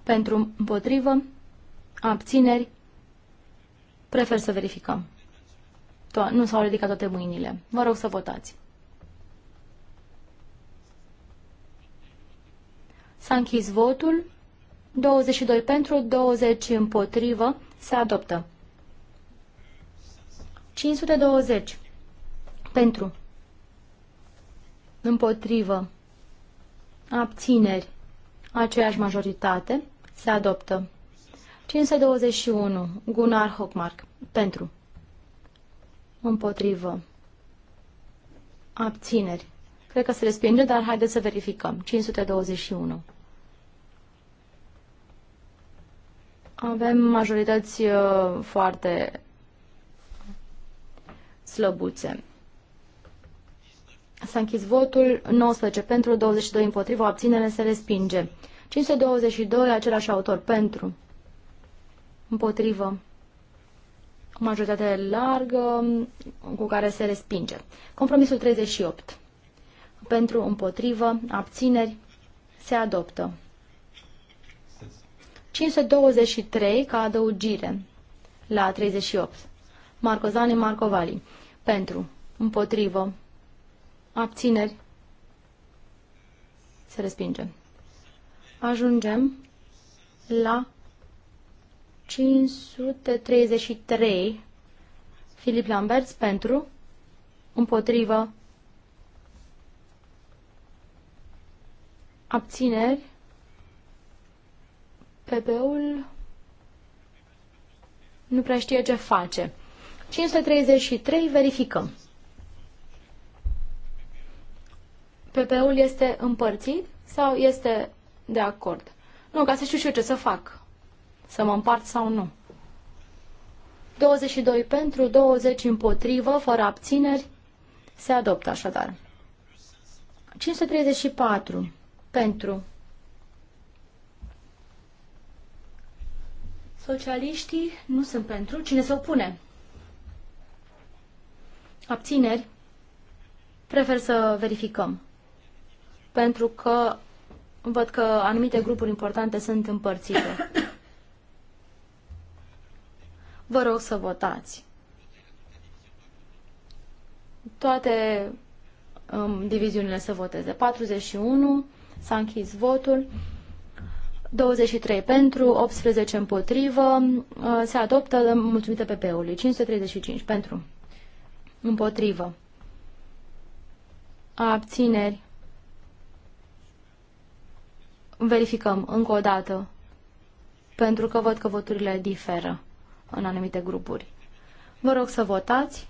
Pentru împotrivă, abțineri, prefer să verificăm. To nu s-au ridicat toate mâinile. Vă rog să votați. S-a închis votul. 22 pentru, 20 împotrivă. Se adoptă. 520 pentru, împotrivă, abțineri, aceeași majoritate, se adoptă. 521 Gunnar Hockmark pentru. Împotrivă. Abțineri. Cred că se respinge, dar haideți să verificăm. 521. Avem majorități uh, foarte slăbuțe. S-a închis votul, 19 pentru, 22 împotriva, abținere se respinge. 522, același autor, pentru, împotrivă, cu majoritate largă cu care se respinge. Compromisul 38. Pentru, împotrivă, abțineri, se adoptă. 523 ca adăugire la 38. Marcozani Marcovali. Pentru, împotrivă, abțineri, se respinge. Ajungem la 533. Filip Lamberts pentru, împotrivă, abțineri, PP-ul nu prea știe ce face. 533, verificăm. PP-ul este împărțit sau este de acord? Nu, ca să știu și eu ce să fac să mă împart sau nu. 22 pentru, 20 împotrivă, fără abțineri, se adoptă așadar. 534 pentru. Socialiștii nu sunt pentru. Cine se opune? Abțineri? Prefer să verificăm. Pentru că văd că anumite grupuri importante sunt împărțite. Vă rog să votați. Toate um, diviziunile să voteze. 41, s-a închis votul. 23 pentru, 18 împotrivă, uh, se adoptă uh, mulțumită PP-ului. 535 pentru, împotrivă. Abțineri. Verificăm încă o dată, pentru că văd că voturile diferă în anumite grupuri. Vă rog să votați.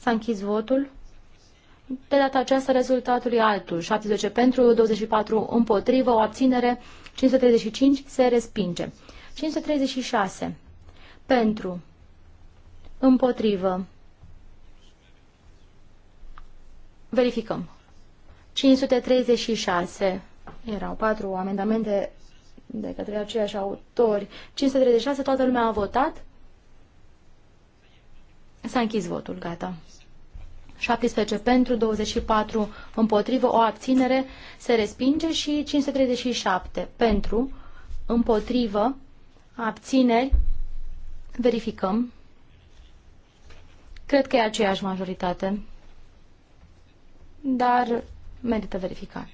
S-a închis votul. De data aceasta rezultatul e altul. 70 pentru, 24 împotrivă, o abținere, 535 se respinge. 536 pentru, împotrivă. Verificăm. 536 erau patru amendamente de către aceiași autori. 536, toată lumea a votat. S-a închis votul, gata. 17 pentru, 24 împotrivă, o abținere se respinge și 537 pentru, împotrivă, abțineri, verificăm. Cred că e aceeași majoritate, dar merită verificat.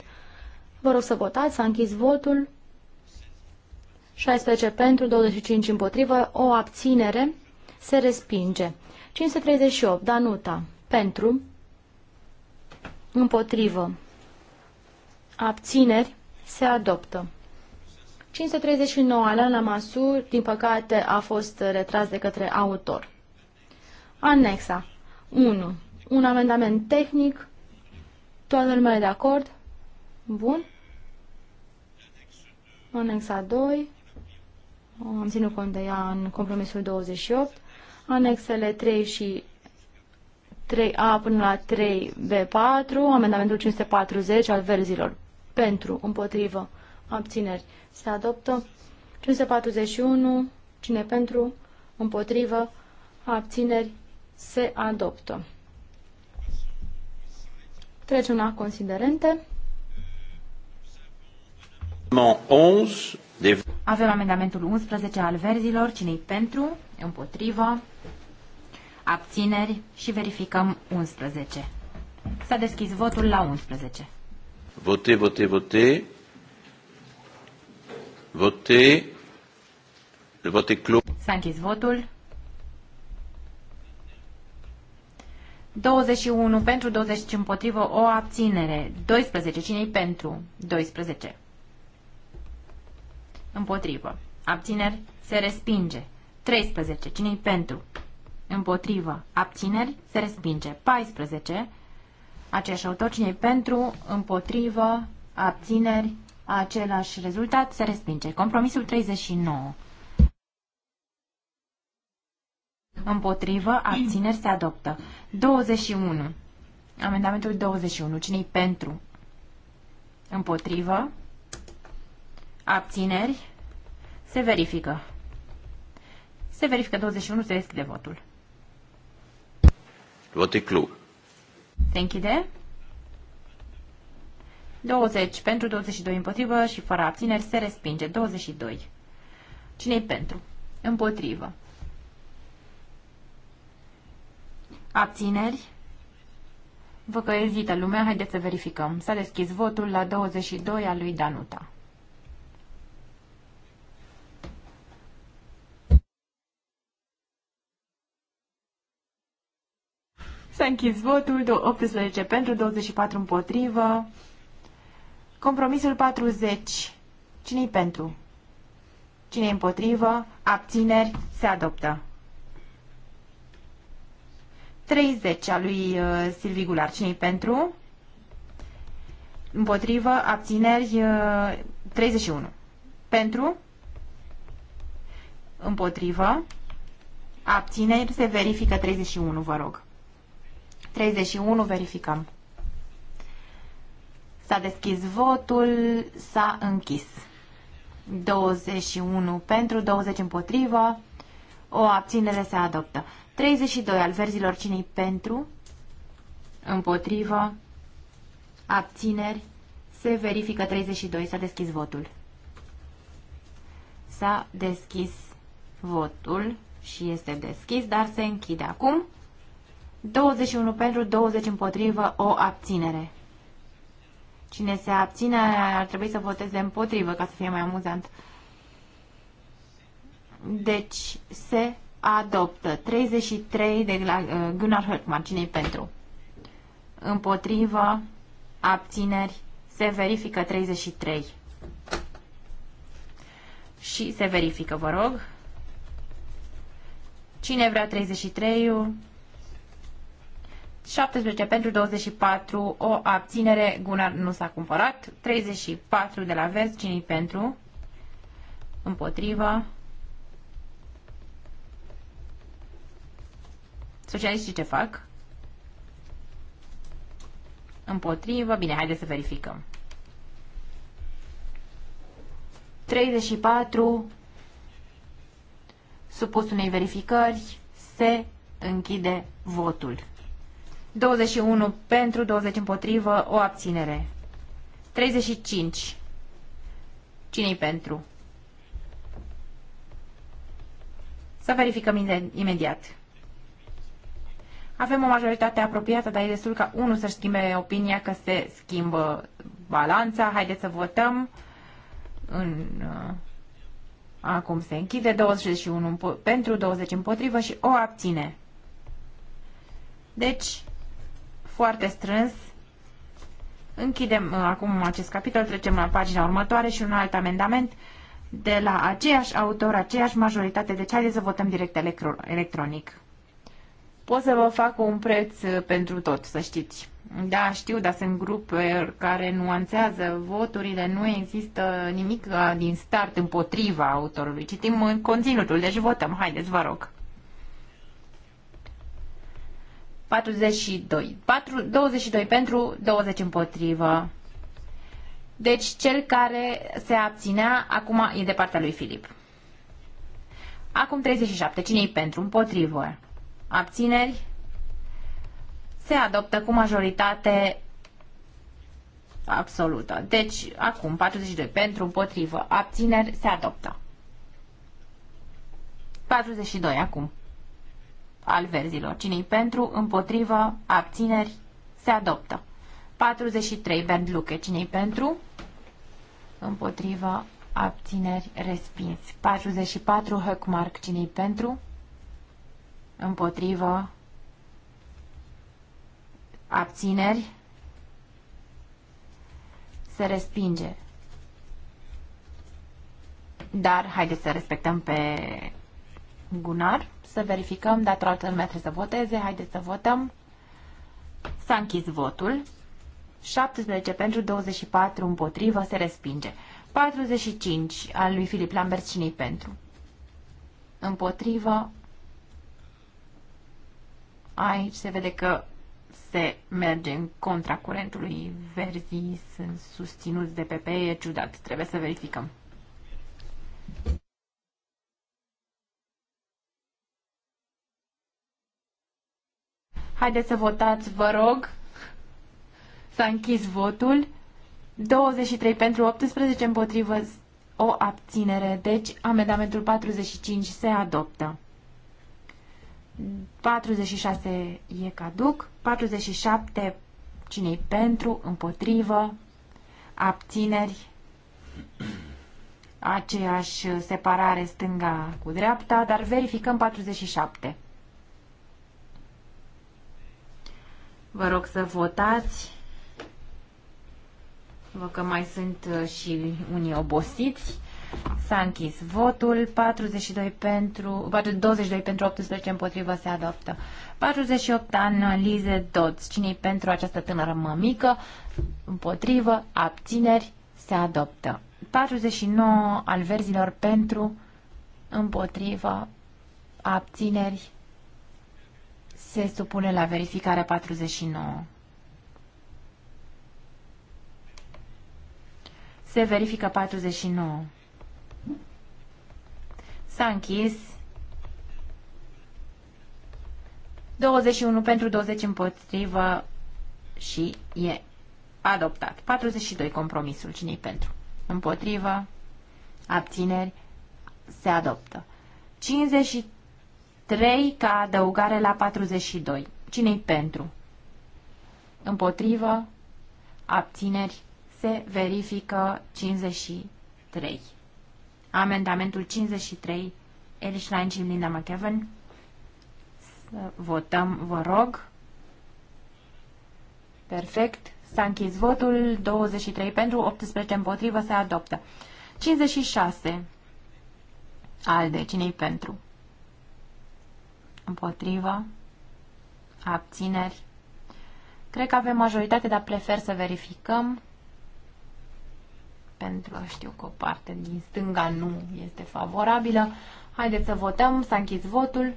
Vă rog să votați, s-a închis votul. 16 pentru, 25 împotrivă, o abținere, se respinge. 538, Danuta, pentru, împotrivă, abțineri, se adoptă. 539, Alana Masur, din păcate, a fost retras de către autor. Anexa 1. Un amendament tehnic. Toată lumea de acord? Bun. Anexa 2 am ținut cont de ea în compromisul 28, anexele 3 și 3A până la 3B4, amendamentul 540 al verzilor. Pentru, împotrivă, abțineri. Se adoptă 541, cine pentru, împotrivă, abțineri, se adoptă. Trecem la considerente. Avem amendamentul 11 al verzilor. Cine-i pentru? Împotrivă? Abțineri? Și verificăm 11. S-a deschis votul la 11. Vote, vote, vote. Vote. Vote club. S-a închis votul. 21 pentru, 20 împotrivă, o abținere. 12. Cine-i pentru? 12. Împotrivă. Abțineri. Se respinge. 13. Cine-i pentru? Împotrivă. Abțineri. Se respinge. 14. Aceeași autor. cine pentru? Împotrivă. Abțineri. Același rezultat. Se respinge. Compromisul 39. Împotrivă. Abțineri. Se adoptă. 21. Amendamentul 21. Cine-i pentru? Împotrivă abțineri, se verifică. Se verifică 21, se deschide votul. Vot e clu. Se închide. 20 pentru, 22 împotrivă și fără abțineri se respinge. 22. cine e pentru? Împotrivă. Abțineri? Vă că ezită lumea, haideți să verificăm. S-a deschis votul la 22 al lui Danuta. S-a închis votul, 18 pentru, 24 împotrivă. Compromisul 40. Cine-i pentru? Cine împotrivă? Abțineri? Se adoptă. 30 a lui uh, Silvi Gular. cine pentru? Împotrivă, abțineri, uh, 31. Pentru? Împotrivă, abțineri, se verifică 31, vă rog. 31 verificăm. S-a deschis votul, s-a închis. 21 pentru, 20 împotrivă, o abținere se adoptă. 32 al verzilor cinei pentru, împotrivă, abțineri, se verifică 32, s-a deschis votul. S-a deschis votul și este deschis, dar se închide acum. 21 pentru, 20 împotrivă, o abținere. Cine se abține ar trebui să voteze împotrivă ca să fie mai amuzant. Deci se adoptă 33 de la uh, Gunnar Höckmark. Cine-i pentru? Împotrivă, abțineri, se verifică 33. Și se verifică, vă rog. Cine vrea 33-ul? 17 pentru 24, o abținere, Gunnar nu s-a cumpărat, 34 de la vers, cine pentru? Împotrivă. Socialiștii ce fac? Împotrivă, bine, haideți să verificăm. 34, supus unei verificări, se închide votul. 21 pentru, 20 împotrivă, o abținere. 35. Cine-i pentru? Să verificăm imediat. Avem o majoritate apropiată, dar e destul ca unul să schimbe opinia că se schimbă balanța. Haideți să votăm. În, uh, acum se închide 21 pentru, 20 împotrivă și o abține. Deci, foarte strâns. Închidem uh, acum acest capitol, trecem la pagina următoare și un alt amendament de la aceeași autor, aceeași majoritate. Deci haideți să votăm direct electro electronic. Pot să vă fac un preț uh, pentru tot, să știți. Da, știu, dar sunt grupuri care nuanțează voturile, nu există nimic uh, din start împotriva autorului. Citim conținutul, deci votăm. Haideți, vă rog. 42. 4, 22 pentru, 20 împotrivă. Deci cel care se abținea acum e de partea lui Filip. Acum 37. cine e pentru? Împotrivă. Abțineri? Se adoptă cu majoritate absolută. Deci acum 42 pentru, împotrivă. Abțineri? Se adoptă. 42 acum al verzilor. cine pentru, împotrivă, abțineri, se adoptă. 43. Bernd Luke. cine pentru? Împotrivă, abțineri, respins. 44. Höckmark. cine pentru? Împotrivă, abțineri, se respinge. Dar haideți să respectăm pe Gunar să verificăm, dar toată lumea trebuie să voteze. Haideți să votăm. S-a închis votul. 17 pentru 24 împotrivă se respinge. 45 al lui Filip Lambert cine pentru? Împotrivă. Aici se vede că se merge în contra curentului. Verzii sunt susținuți de PP, e ciudat. Trebuie să verificăm. Haideți să votați, vă rog. S-a închis votul. 23 pentru 18 împotrivă o abținere. Deci amendamentul 45 se adoptă. 46 e caduc. 47 cinei pentru, împotrivă, abțineri, aceeași separare stânga cu dreapta, dar verificăm 47. Vă rog să votați. Vă că mai sunt uh, și unii obosiți. S-a închis votul. 42 pentru, 22 pentru 18 împotrivă se adoptă. 48 ani, Lize Dodds. cine pentru această tânără mămică? Împotrivă, abțineri, se adoptă. 49 al verzilor pentru, împotrivă, abțineri, se supune la verificarea 49. Se verifică 49. S-a închis. 21 pentru 20 împotrivă și e adoptat. 42 compromisul. Cine-i pentru? Împotrivă. Abțineri. Se adoptă. 53. 3 ca adăugare la 42. Cine-i pentru? Împotrivă, abțineri, se verifică 53. Amendamentul 53, Elish și Linda McEvan. Să votăm, vă rog. Perfect. S-a închis votul, 23 pentru, 18 împotrivă, se adoptă. 56. Alde, cine-i pentru? împotrivă, abțineri. Cred că avem majoritate, dar prefer să verificăm pentru că știu că o parte din stânga nu este favorabilă. Haideți să votăm, s-a închis votul.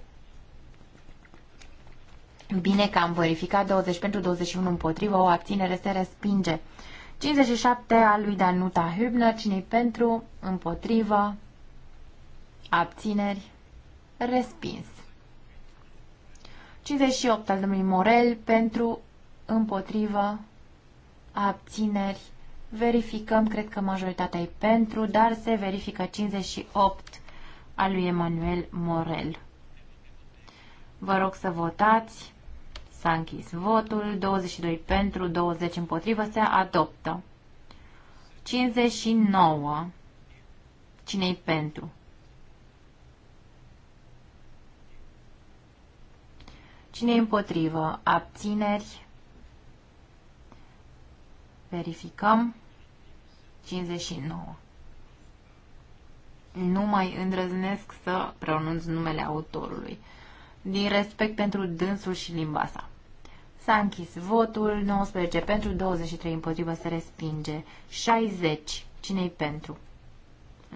Bine că am verificat 20 pentru 21 împotrivă, o abținere se respinge. 57 al lui Danuta Hübner, cine pentru, împotrivă, abțineri, respins. 58 al domnului Morel pentru, împotrivă, abțineri. Verificăm, cred că majoritatea e pentru, dar se verifică 58 al lui Emanuel Morel. Vă rog să votați. S-a închis votul. 22 pentru, 20 împotrivă. Se adoptă. 59. Cine-i pentru? Cine e împotrivă? Abțineri. Verificăm. 59. Nu mai îndrăznesc să pronunț numele autorului, din respect pentru dânsul și limba sa. S-a închis votul, 19 pentru, 23 împotrivă, se respinge. 60. Cine-i pentru?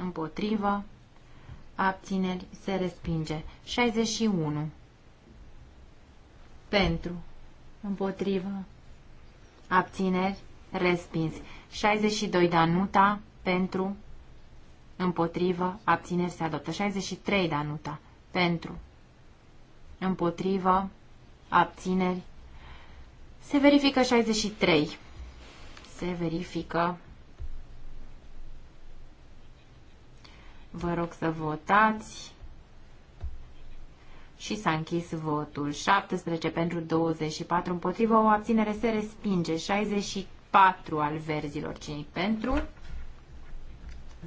Împotrivă. Abțineri, se respinge. 61 pentru, împotrivă, abțineri, respins. 62 Danuta, pentru, împotrivă, abțineri se adoptă. 63 Danuta, pentru, împotrivă, abțineri, se verifică 63. Se verifică. Vă rog să votați și s-a închis votul. 17 pentru 24 împotrivă, o abținere se respinge. 64 al verzilor, 5 pentru,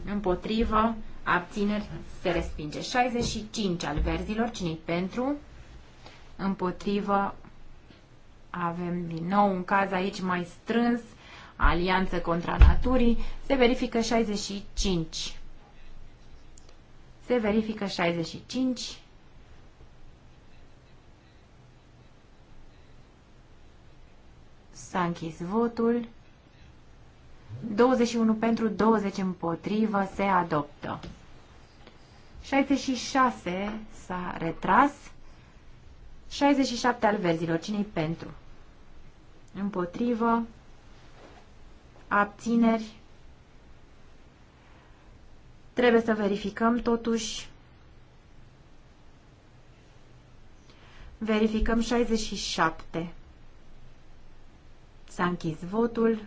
împotrivă, abțineri se respinge. 65 al verzilor, 5 pentru, împotrivă, avem din nou un caz aici mai strâns, alianță contra naturii, se verifică 65. Se verifică 65. S-a închis votul. 21 pentru, 20 împotrivă, se adoptă. 66 s-a retras. 67 al verzilor, cine pentru? Împotrivă. Abțineri. Trebuie să verificăm totuși. Verificăm 67. S-a închis votul.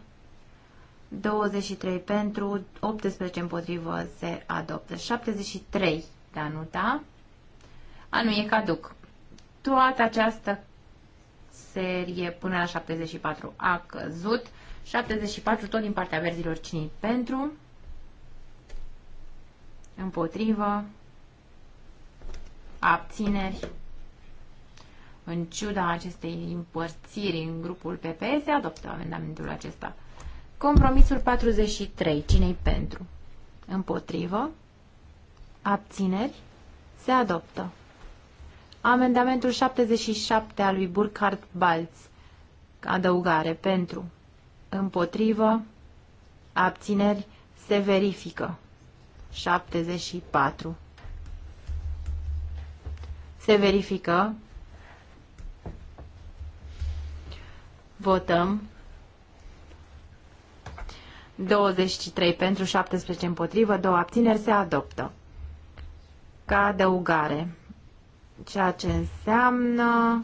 23 pentru, 18 împotrivă se adoptă. 73 Danuta. A, nu, e caduc. Toată această serie până la 74 a căzut. 74 tot din partea verzilor cine pentru, împotrivă, abțineri. În ciuda acestei împărțiri în grupul PPS se adoptă amendamentul acesta. Compromisul 43. Cine-i pentru? Împotrivă? Abțineri? Se adoptă. Amendamentul 77 al lui Burkhard Balz. Adăugare pentru. Împotrivă. Abțineri. Se verifică. 74. Se verifică Votăm. 23 pentru, 17 împotrivă, 2 abțineri se adoptă. Ca adăugare. Ceea ce înseamnă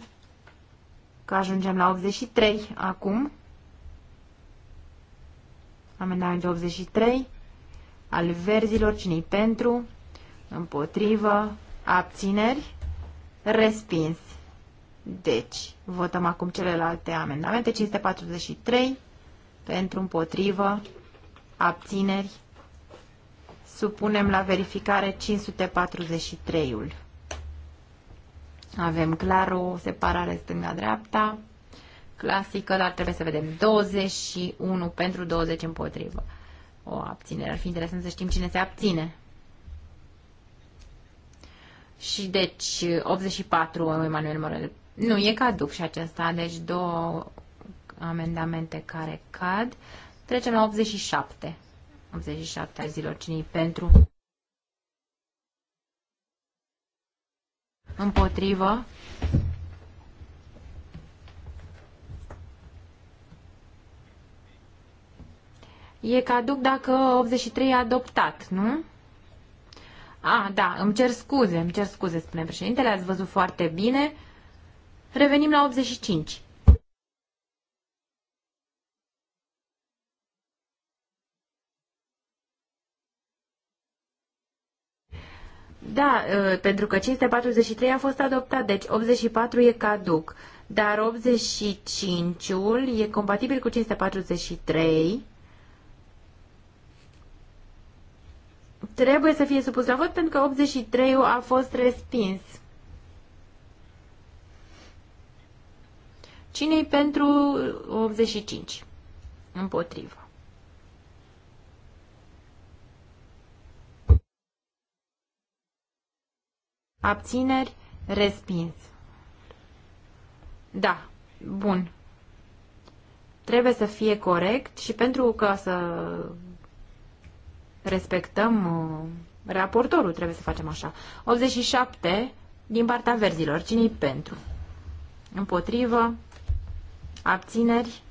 că ajungem la 83 acum. Amendamentul 83 al verzilor, cine pentru, împotrivă, abțineri, respins. Deci, votăm acum celelalte amendamente. 543 pentru împotrivă, abțineri. Supunem la verificare 543-ul. Avem clar o separare stânga-dreapta, clasică, dar trebuie să vedem 21 pentru 20 împotrivă. O abținere. Ar fi interesant să știm cine se abține. Și deci 84 Emanuel Morel nu, e caduc și acesta, deci două amendamente care cad. Trecem la 87. 87 a zilor cinei pentru. Împotrivă. E caduc dacă 83 e adoptat, nu? A, da, îmi cer scuze, îmi cer scuze, spune președintele, ați văzut foarte bine. Revenim la 85. Da, ă, pentru că 543 a fost adoptat, deci 84 e caduc, dar 85-ul e compatibil cu 543. Trebuie să fie supus la vot pentru că 83-ul a fost respins. cine pentru 85? Împotrivă. Abțineri, respins. Da, bun. Trebuie să fie corect și pentru ca să respectăm uh, raportorul, trebuie să facem așa. 87 din partea verzilor. Cine-i pentru? Împotrivă, abțineri,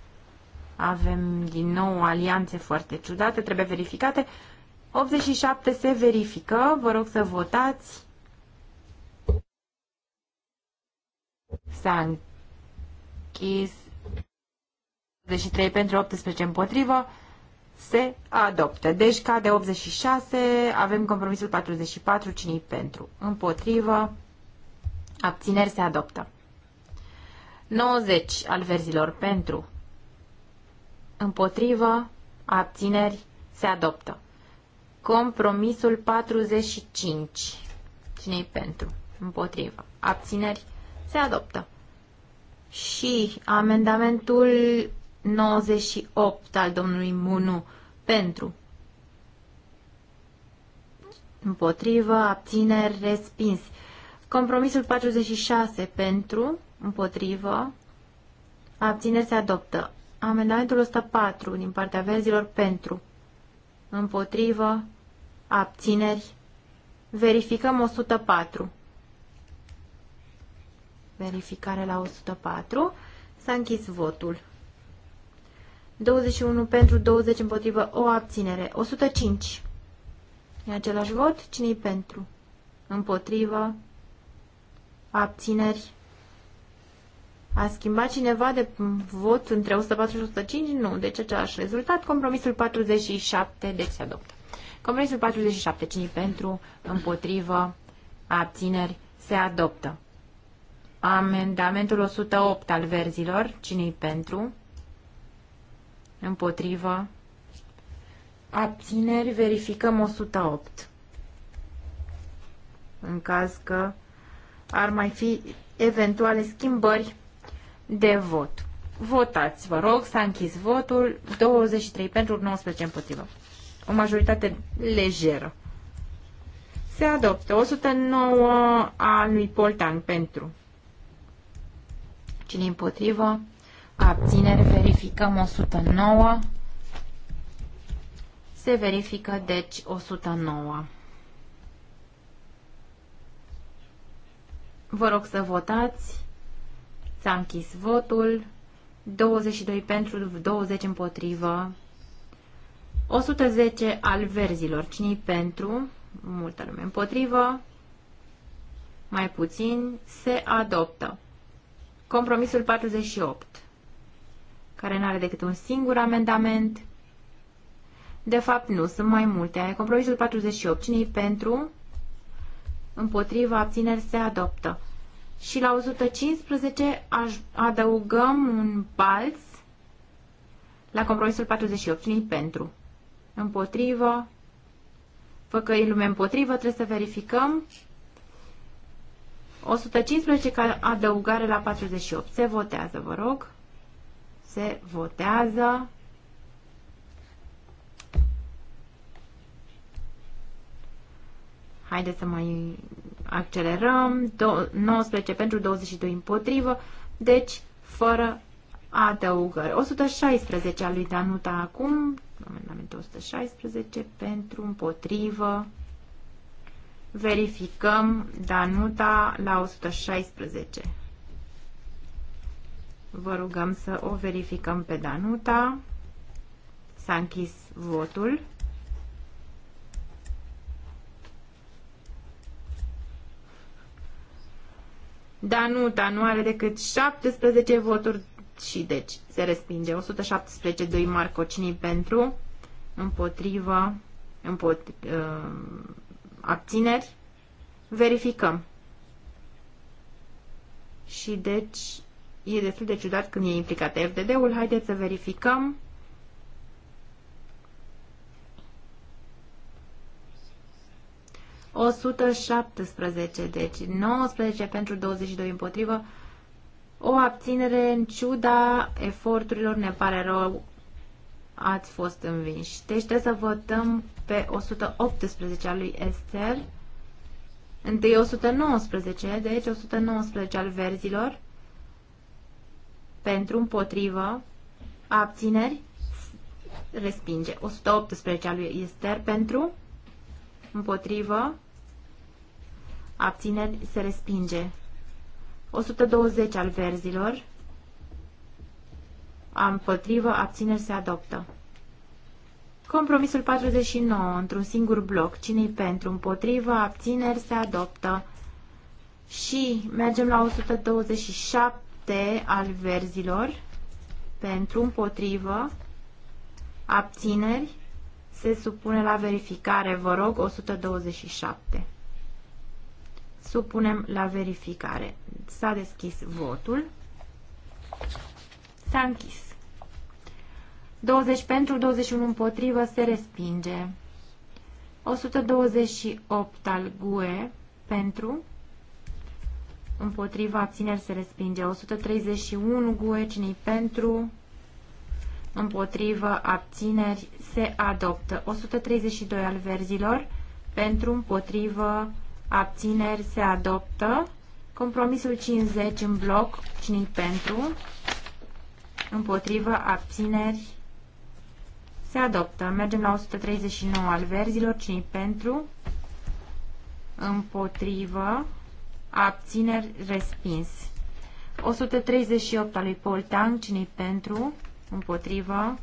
avem din nou alianțe foarte ciudate, trebuie verificate. 87 se verifică, vă rog să votați. S-a închis 83 pentru 18 împotrivă, se adoptă. Deci cade 86, avem compromisul 44, cine pentru? Împotrivă, abțineri se adoptă. 90 al verzilor pentru, împotrivă, abțineri, se adoptă. Compromisul 45. cine e pentru? Împotrivă. Abțineri, se adoptă. Și amendamentul 98 al domnului Munu pentru. Împotrivă, abțineri, respins. Compromisul 46 pentru, împotrivă, abține se adoptă. Amendamentul 104 din partea verzilor pentru, împotrivă, abțineri, verificăm 104. Verificare la 104. S-a închis votul. 21 pentru, 20 împotrivă, o abținere. 105. E același vot? Cine-i pentru? Împotrivă? Abțineri? A schimbat cineva de vot între 104 și 105? Nu. Deci același rezultat. Compromisul 47, deci se adoptă. Compromisul 47, cine pentru, împotrivă, abțineri, se adoptă. Amendamentul 108 al verzilor, cine pentru, împotrivă, abțineri, verificăm 108. În caz că ar mai fi eventuale schimbări de vot. Votați, vă rog, s-a închis votul, 23 pentru, 19 împotrivă. O majoritate lejeră. Se adoptă 109 a lui Poltan pentru. Cine împotrivă? Abținere, verificăm 109. Se verifică, deci, 109. Vă rog să votați. S-a închis votul. 22 pentru, 20 împotrivă. 110 al verzilor. cine pentru? Multă lume împotrivă. Mai puțin. Se adoptă. Compromisul 48, care nu are decât un singur amendament. De fapt, nu, sunt mai multe. Compromisul 48. cine pentru? Împotrivă, abțineri, se adoptă și la 115 adăugăm un pals la compromisul 48. cine pentru? Împotrivă. Făcăi lume împotrivă, trebuie să verificăm. 115 ca adăugare la 48. Se votează, vă rog. Se votează. Haideți să mai accelerăm. 19 pentru 22 împotrivă. Deci, fără adăugări. 116 a lui Danuta acum. Amendamentul 116 pentru împotrivă. Verificăm Danuta la 116. Vă rugăm să o verificăm pe Danuta. S-a închis votul. Danuta nu are decât 17 voturi și deci se respinge. 117 2 Marco cine pentru, împotrivă, împot, uh, abțineri. Verificăm. Și deci e destul de ciudat când e implicat FDD-ul. Haideți să verificăm. 117, deci 19 pentru 22 împotrivă. O abținere în ciuda eforturilor, ne pare rău, ați fost învinși. Deci trebuie să votăm pe 118 al lui Esther. Întâi 119, deci 119 al verzilor. Pentru, împotrivă, abțineri, respinge. 118 al lui Esther pentru, Împotrivă. Abțineri se respinge. 120 al verzilor. Împotrivă. Abțineri se adoptă. Compromisul 49 într-un singur bloc. cine pentru? Împotrivă. Abțineri se adoptă. Și mergem la 127 al verzilor. Pentru, împotrivă, abțineri, se supune la verificare, vă rog, 127. Supunem la verificare. S-a deschis votul. S-a închis. 20 pentru, 21 împotrivă, se respinge. 128 al GUE pentru, împotriva abțineri se respinge. 131 GUE, cine pentru, împotrivă, abțineri, se adoptă. 132 al verzilor, pentru, împotrivă, abțineri, se adoptă. Compromisul 50 în bloc, cine pentru, împotrivă, abțineri, se adoptă. Mergem la 139 al verzilor, cine pentru, împotrivă, abțineri, respins. 138 al lui Poltang, cine pentru, împotrivă,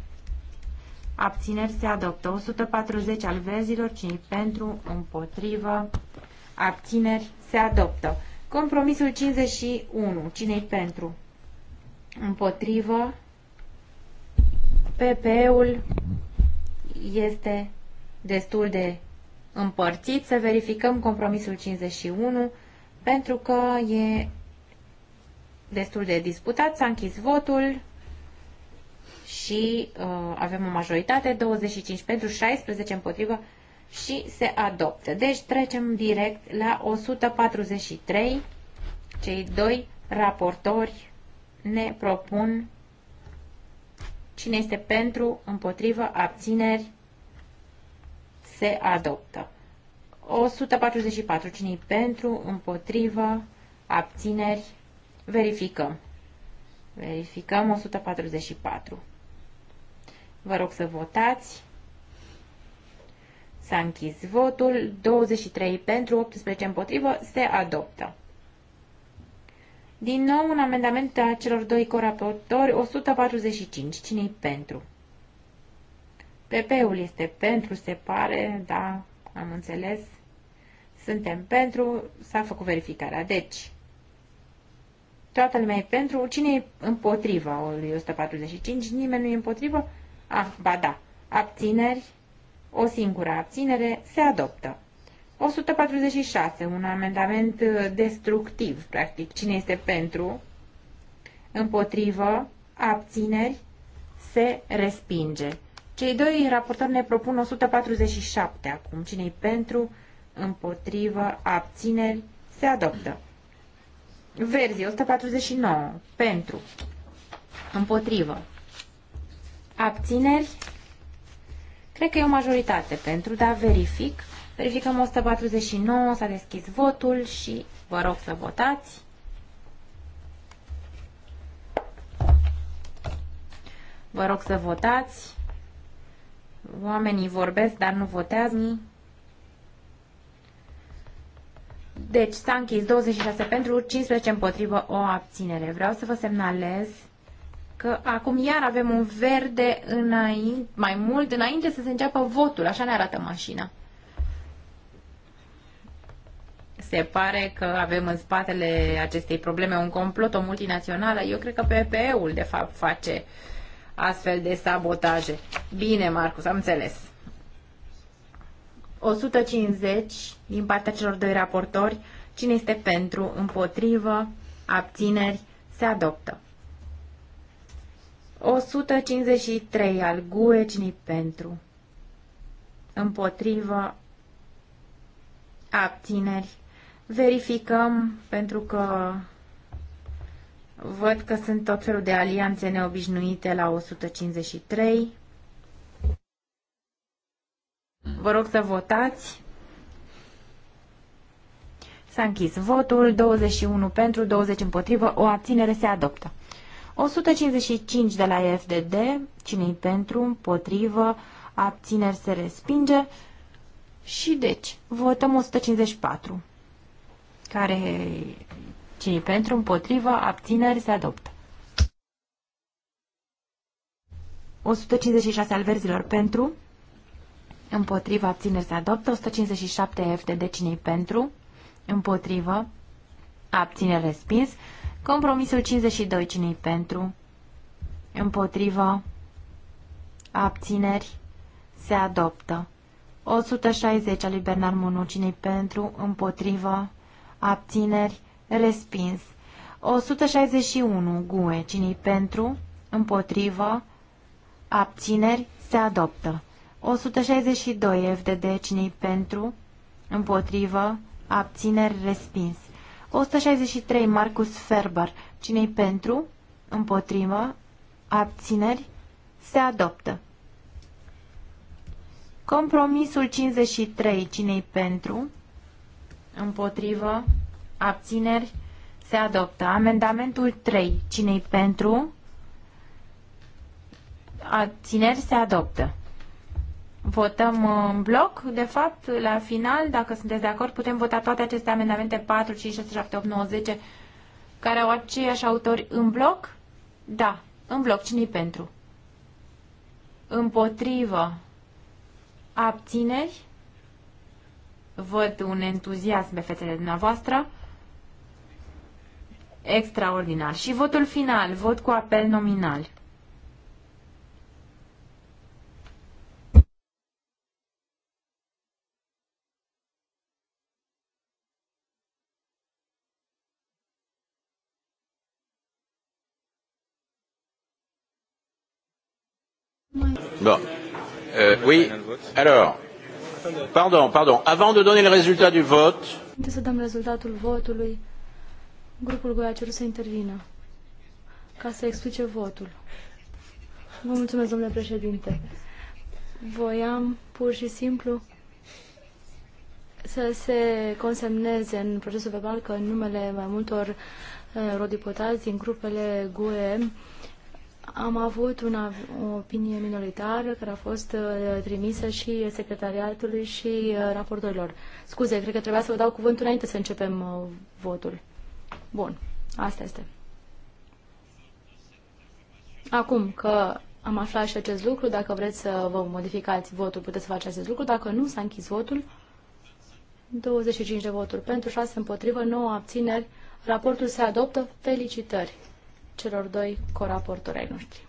abțineri se adoptă. 140 al verzilor, 5 pentru, împotrivă, abțineri se adoptă. Compromisul 51, cine-i pentru? Împotrivă, PP-ul este destul de împărțit. Să verificăm compromisul 51 pentru că e destul de disputat. S-a închis votul și uh, avem o majoritate, 25 pentru, 16 împotrivă și se adoptă. Deci trecem direct la 143. Cei doi raportori ne propun cine este pentru, împotrivă, abțineri, se adoptă. 144. cine pentru, împotrivă, abțineri, verificăm. Verificăm 144. Vă rog să votați. S-a închis votul. 23 pentru, 18 împotrivă. Se adoptă. Din nou un amendament a celor doi coraportori, 145. cine pentru? PP-ul este pentru, se pare, da, am înțeles. Suntem pentru, s-a făcut verificarea. Deci, toată lumea e pentru, cine e împotriva 145? Nimeni nu e împotrivă? Ah, ba da. Abțineri. O singură abținere se adoptă. 146. Un amendament uh, destructiv, practic. Cine este pentru? Împotrivă. Abțineri. Se respinge. Cei doi raportori ne propun 147 acum. Cine-i pentru? Împotrivă. Abțineri. Se adoptă. Verzi 149. Pentru. Împotrivă abțineri, cred că e o majoritate pentru, dar verific. Verificăm 149, s-a deschis votul și vă rog să votați. Vă rog să votați. Oamenii vorbesc, dar nu votează. Deci s-a închis 26 pentru, 15 împotrivă, o abținere. Vreau să vă semnalez că acum iar avem un verde înainte, mai mult înainte să se înceapă votul. Așa ne arată mașina. Se pare că avem în spatele acestei probleme un complot, o multinațională. Eu cred că PPE-ul, de fapt, face astfel de sabotaje. Bine, Marcus, am înțeles. 150 din partea celor doi raportori. Cine este pentru, împotrivă, abțineri, se adoptă. 153 al guecni pentru. Împotrivă. Abțineri. Verificăm pentru că văd că sunt tot felul de alianțe neobișnuite la 153. Vă rog să votați. S-a închis votul, 21 pentru, 20 împotrivă, o abținere se adoptă. 155 de la FDD, cine-i pentru, împotrivă, abțineri se respinge. Și deci, votăm 154, care cine pentru, împotrivă, abțineri se adoptă. 156 al verzilor pentru, împotrivă, abțineri se adoptă, 157 FDD, cine pentru, împotrivă, abțineri respins, Compromisul 52, cine pentru? Împotrivă. Abțineri. Se adoptă. 160 al lui Bernard Monu, cine pentru? Împotrivă. Abțineri. Respins. 161. GUE, cine pentru? Împotrivă. Abțineri. Se adoptă. 162. FDD, cine pentru? Împotrivă. Abțineri. Respins. 163, Marcus Ferber. cine pentru? Împotrivă? Abțineri? Se adoptă. Compromisul 53. cine pentru? Împotrivă? Abțineri? Se adoptă. Amendamentul 3. cine pentru? Abțineri? Se adoptă. Votăm în bloc. De fapt, la final, dacă sunteți de acord, putem vota toate aceste amendamente 4, 5, 6, 7, 8, 9, 10, care au aceiași autori în bloc? Da, în bloc. cine pentru? Împotrivă. Abțineri? Văd un entuziasm pe fețele dumneavoastră. Extraordinar. Și votul final, vot cu apel nominal. Bon. Euh, oui. Alors. Pardon, pardon. Avant de donner le résultat du vote. Să dăm rezultatul votului. Grupul Goia a cerut să intervină ca să explice votul. Vă mulțumesc, domnule președinte. Voiam pur și simplu să se consemneze în procesul verbal că în numele mai multor uh, eh, rodipotați din grupele GUE am avut una, o opinie minoritară care a fost uh, trimisă și secretariatului și uh, raportorilor. Scuze, cred că trebuia să vă dau cuvântul înainte să începem uh, votul. Bun, asta este. Acum că am aflat și acest lucru, dacă vreți să vă modificați votul, puteți să faceți acest lucru. Dacă nu, s-a închis votul. 25 de voturi pentru, 6 împotrivă, 9 abțineri. Raportul se adoptă. Felicitări! celor doi coraportori ai noștri.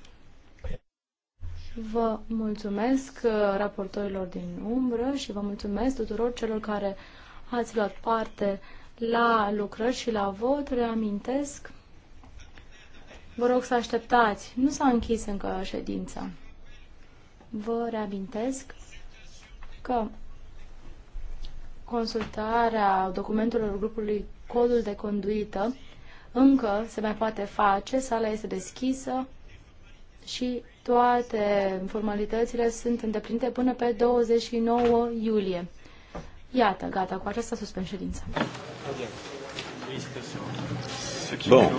Vă mulțumesc uh, raportorilor din umbră și vă mulțumesc tuturor celor care ați luat parte la lucrări și la vot. Reamintesc, vă rog să așteptați. Nu s-a închis încă ședința. Vă reamintesc că consultarea documentelor grupului Codul de Conduită încă se mai poate face, sala este deschisă și toate formalitățile sunt îndeplinite până pe 29 iulie. Iată, gata, cu aceasta suspend ședința. Bon.